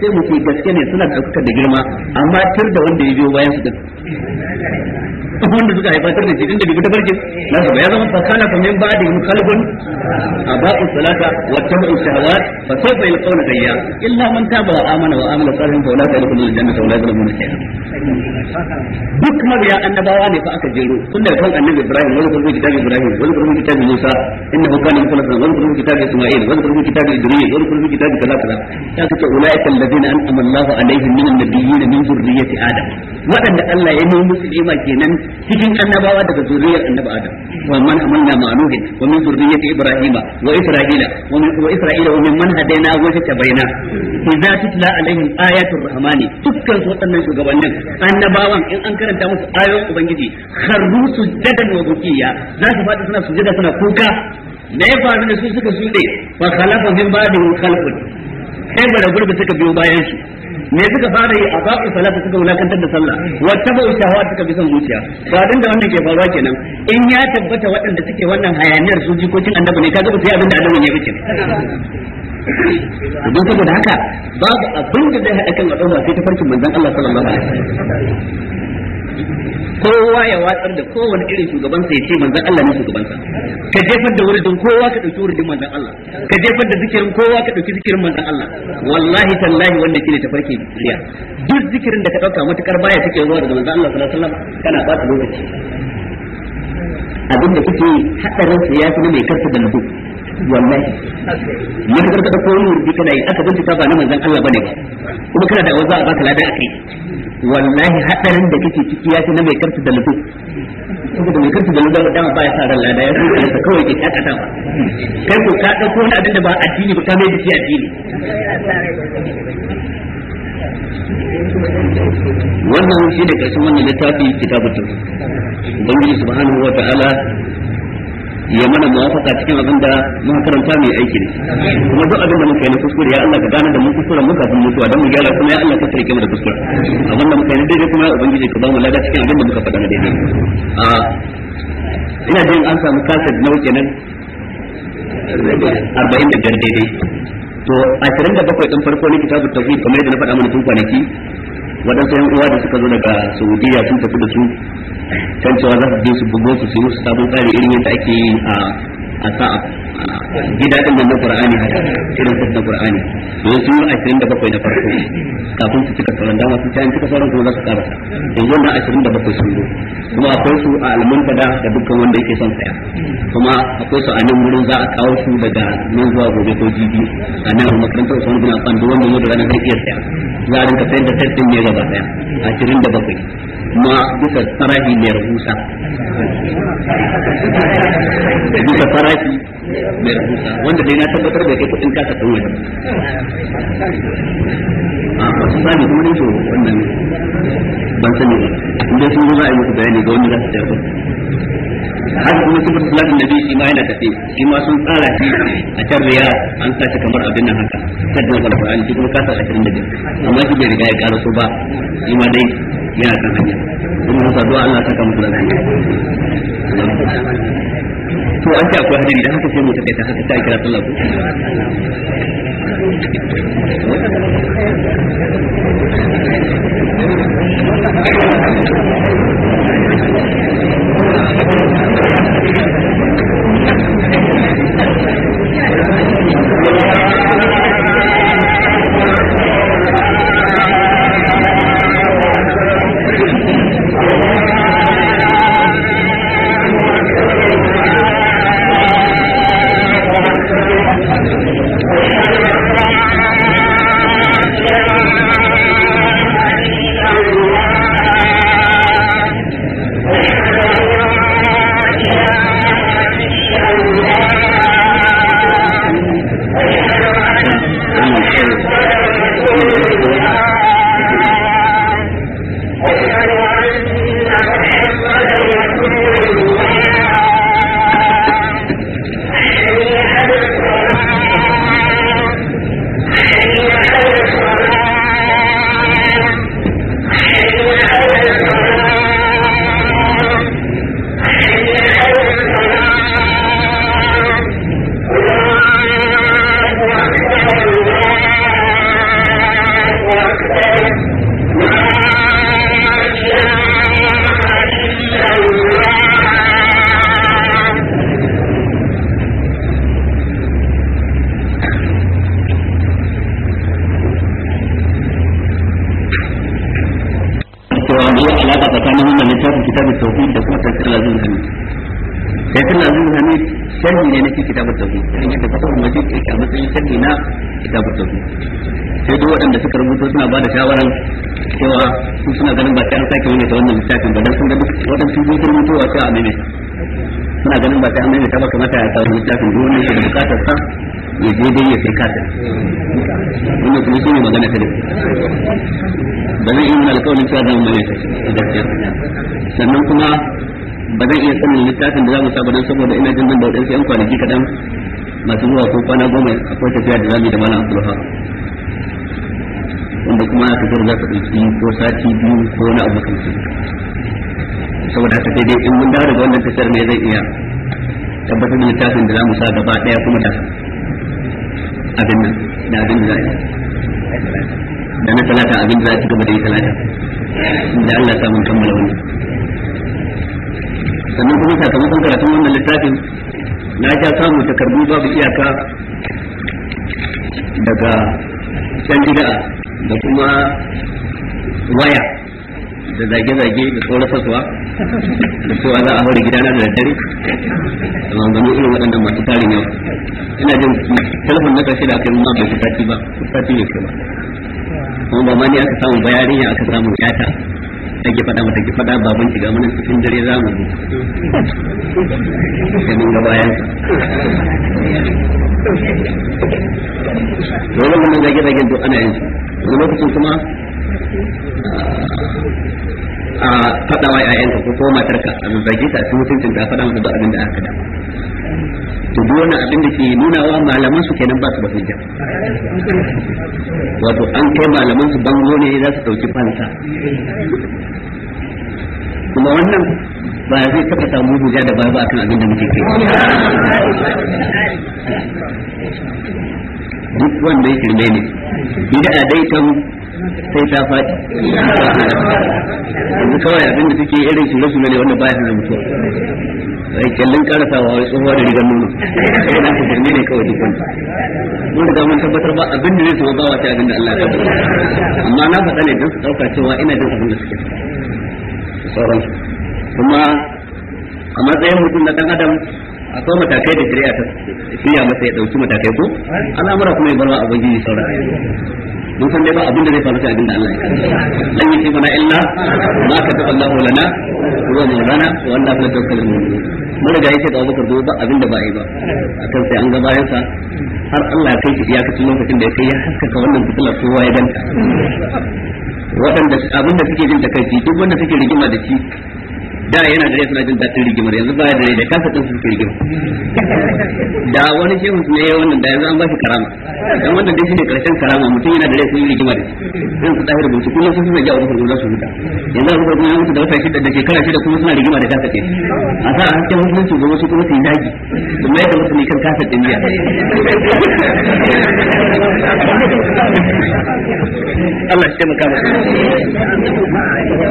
sai mu ce gaske ne suna da da girma amma tar da wanda ya biyo bayan su wanda suka haifar da shi din da bi ta barkin nasu ba ya zama fasala fa min ba'di mukhalifun aba'u salata wa tabu shahawat fa sawfa yalqawna gayya illa man taba wa amana wa amila salihan fa ulaka yadkhuluna al wa la yuzlamuna shay'a duk mabiya annabawa ne fa aka jero tun daga kan annabi Ibrahim wani kuma kitabi Ibrahim wani kuma kitabi Musa innahu kana mukhalifun wani kuma kitabi Isma'il wani kuma kitabi Idris wani kuma kitabi kaza ya kace ulaika alladhina an'ama Allahu alaihim min an-nabiyyin min Adam wadanda Allah ya nemi musu kenan cikin annabawa daga zuriyar annabi adam wa man amanna ma'nuhin wa min zurriyyati ibrahima wa isra'ila wa min wa isra'ila wa man hadaina wa tabaina idza tutla alaihim ayatul rahmani dukkan wadannan waɗannan shugabannin annabawan in an karanta musu ayoyin ubangiji kharru sujadan wa bukiya za su fadi suna sujada suna kuka me ya faru da su suka sude fa khalafa min ba'dihim khalqun sai bara gurbi suka biyo bayan shi. me suka fara yi a ba'i salata suka wulakantar da sallah wata ba'u shahawa suka bi son zuciya ba dan da wannan ke faruwa kenan in ya tabbata waɗanda suke wannan hayaniyar su jikokin annabi ne kaga ba sai abin da annabi ya bikin don saboda haka babu abin da zai haɗa kan al'umma sai ta farkin manzon Allah sallallahu alaihi wasallam kowa ya watsar da kowane irin shugaban sa ya ce manzon Allah ne shugaban sa ka jefar da wuridin kowa ka dauki wuridin manzon Allah ka jefar da zikirin kowa ka dauki zikirin manzon Allah wallahi tallahi wannan shine tafarki riya duk zikirin da ka dauka matukar baya take zuwa daga manzon Allah sallallahu alaihi wasallam kana ta lokaci Abinda kike hadarin siyasa ne mai karfi da nabu wallahi ba na manzon Allah bane ba kuma kana a akai wallahi hadarin da kake ciki ya ce na mai karfi da da mai da ba ya sa ran lada ya ce ka kawai ke ba kai ko ka dauko wani abin ba addini ba ka mai da addini wannan shi da karshen wannan littafi kitabun tauhid ubangiji subhanahu wa ta'ala ya mana muwafaka cikin abin da muka karanta mai aiki ne kuma duk abin da muka yi na kuskure ya Allah ka gane da mun kuskure muka kafin mutuwa dan mu gyara kuma ya Allah ka tsare mu da kuskure abin da muka yi daidai kuma ya ubangiji ka ba mu lada cikin abin da muka faɗa na daidai a ina jin an samu kasar nawa kenan 45 daidai to 27 din farko ne kitabu tafi kamar yadda na faɗa mana tun kwanaki waɗansu yan uwa da suka zo daga saudiya sun tafi da su kan cewa za su je su bugo su su musu sabon tsari irin yadda ake yi a sa'a gida din nan Qur'ani haka irin su da Qur'ani don su bakwai na farko kafin su cika sauran dama su tayin cika sauran kuma za su tsara yanzu na bakwai sun zo kuma akwai su a almuntada da dukkan wanda yake son tsaya kuma akwai su a nan wurin za a kawo su daga nan zuwa gobe ko jibi a nan a makarantar Usman bin Affan duk wanda yau da ranar zai iya saya za a rinka sayar da tattin ne gaba da bakwai kuma bisa farashi mai rahusa bisa farashi mai rahusa wanda dai na tabbatar da kai kudin kasa kan wajen a ah, wasu ba kuma ne to wannan ban sani ba inda sun za a yi musu bayani ga wanda za tafi haka kuma sifar salatin nabi shi ma yana tafi shi ma sun tsara shi a can riya an sa kamar abin nan haka sadda na alfa'ani shi kuma kasar ashirin da biyar amma shi bai riga ya karaso ba shi ma dai yana kan hanya kuma hasa zuwa Allah saka musu da hanya to an ce akwai hadari da haka sai mu take ta haka sai kira sallah ko Thank you. ina ganin ba ta an mai ta ba kamata ya tsawon littafin ko da bukatar sa ya je dai ya sai kata kuma ne magana ba da ina jin nan yan kwanaki masu zuwa ko kwana goma akwai tafiya da zamu da malam wanda kuma tafiyar za ta ɗauki ko sati biyu ko wani abu kan saboda haka daidai in mun dawo daga wannan tafiyar ne zai iya tabbatar da littafin da za mu sa gaba ɗaya kuma da abin nan da abin da za da na talata abin da za a ci gaba da yi talata da Allah ya samu kammala wani sannan kuma sakamakon karatun wannan littafin na ja samun takardu babu iyaka daga can gida da kuma waya da zage-zage da fasuwa da cewa za a hore gidana da daddare da manzanni irin waɗannan masu tarin yau ina jin telefon na ƙarshe da aka yi ma bai fi sati ba sati ne ke ba kuma ba ma ne aka samu bayarin ya aka samu yata ta ke faɗa mata ke faɗa baban ki ga mana cikin dare za mu sai ga bayan wani wannan zage-zagen duk ana yin su wani lokacin kuma a faɗa wa ƴaƴanka ko kuma matarka a zazzage ta su cikin mutuncin ta faɗa musu ba abin da aka da to duk wannan abin da ke nuna wa malaman su kenan ba su su hujja wato an kai malaman su bango ne za su ɗauki fansa kuma wannan ba zai taɓa samu hujja da ba kan abin da muke kai duk wanda ya kirme ne bid'a dai kan sai ta faɗi yanzu kawai abinda suke irin shi rasu ne wanda baya hana mutuwa sai kyallin karasawa wai tsohuwa da rigar nono sai da aka kusurmi ne kawai dukkan mun da mun tabbatar ba abin da zai so ba wata abin da Allah ya tabbata amma na faɗa ne don su ɗauka cewa ina jin abin da suke sauran kuma a matsayin mutum na ɗan adam a kawai matakai da shirya ta shirya masa ya ɗauki matakai ko al'amura kuma ya bar wa yi sauran mun san dai ba abin da zai faru sai abin da Allah ya kaddara lan yi bana illa ma ka taɓa Allah lana wa maulana wa Allah la tawakkal al mu'minin mun riga yake da Abubakar ba abin da ba yi ba akan sai an ga bayan sa har Allah ya kai shi iyakacin lokacin da ya kai ya haskaka wannan fitilar kowa ya danta waɗanda abin da suke jin takaici duk wanda suke rigima da shi da yana da suna jin daɗin rigimar yanzu ba da rai da kansa ɗin suke rigima da wani shehu ne ya wannan da yanzu an ba shi karama dan wannan dai shine karshen karama mutum yana da rai sun yi rigima da shi su tahir bunci kuma sun suna a wurin za su huta yanzu a wurin ya mutu da wata shida da shekara shida kuma suna rigima da kansa ɗin a sa a kuma su yi su da musulmi kan kansa ɗin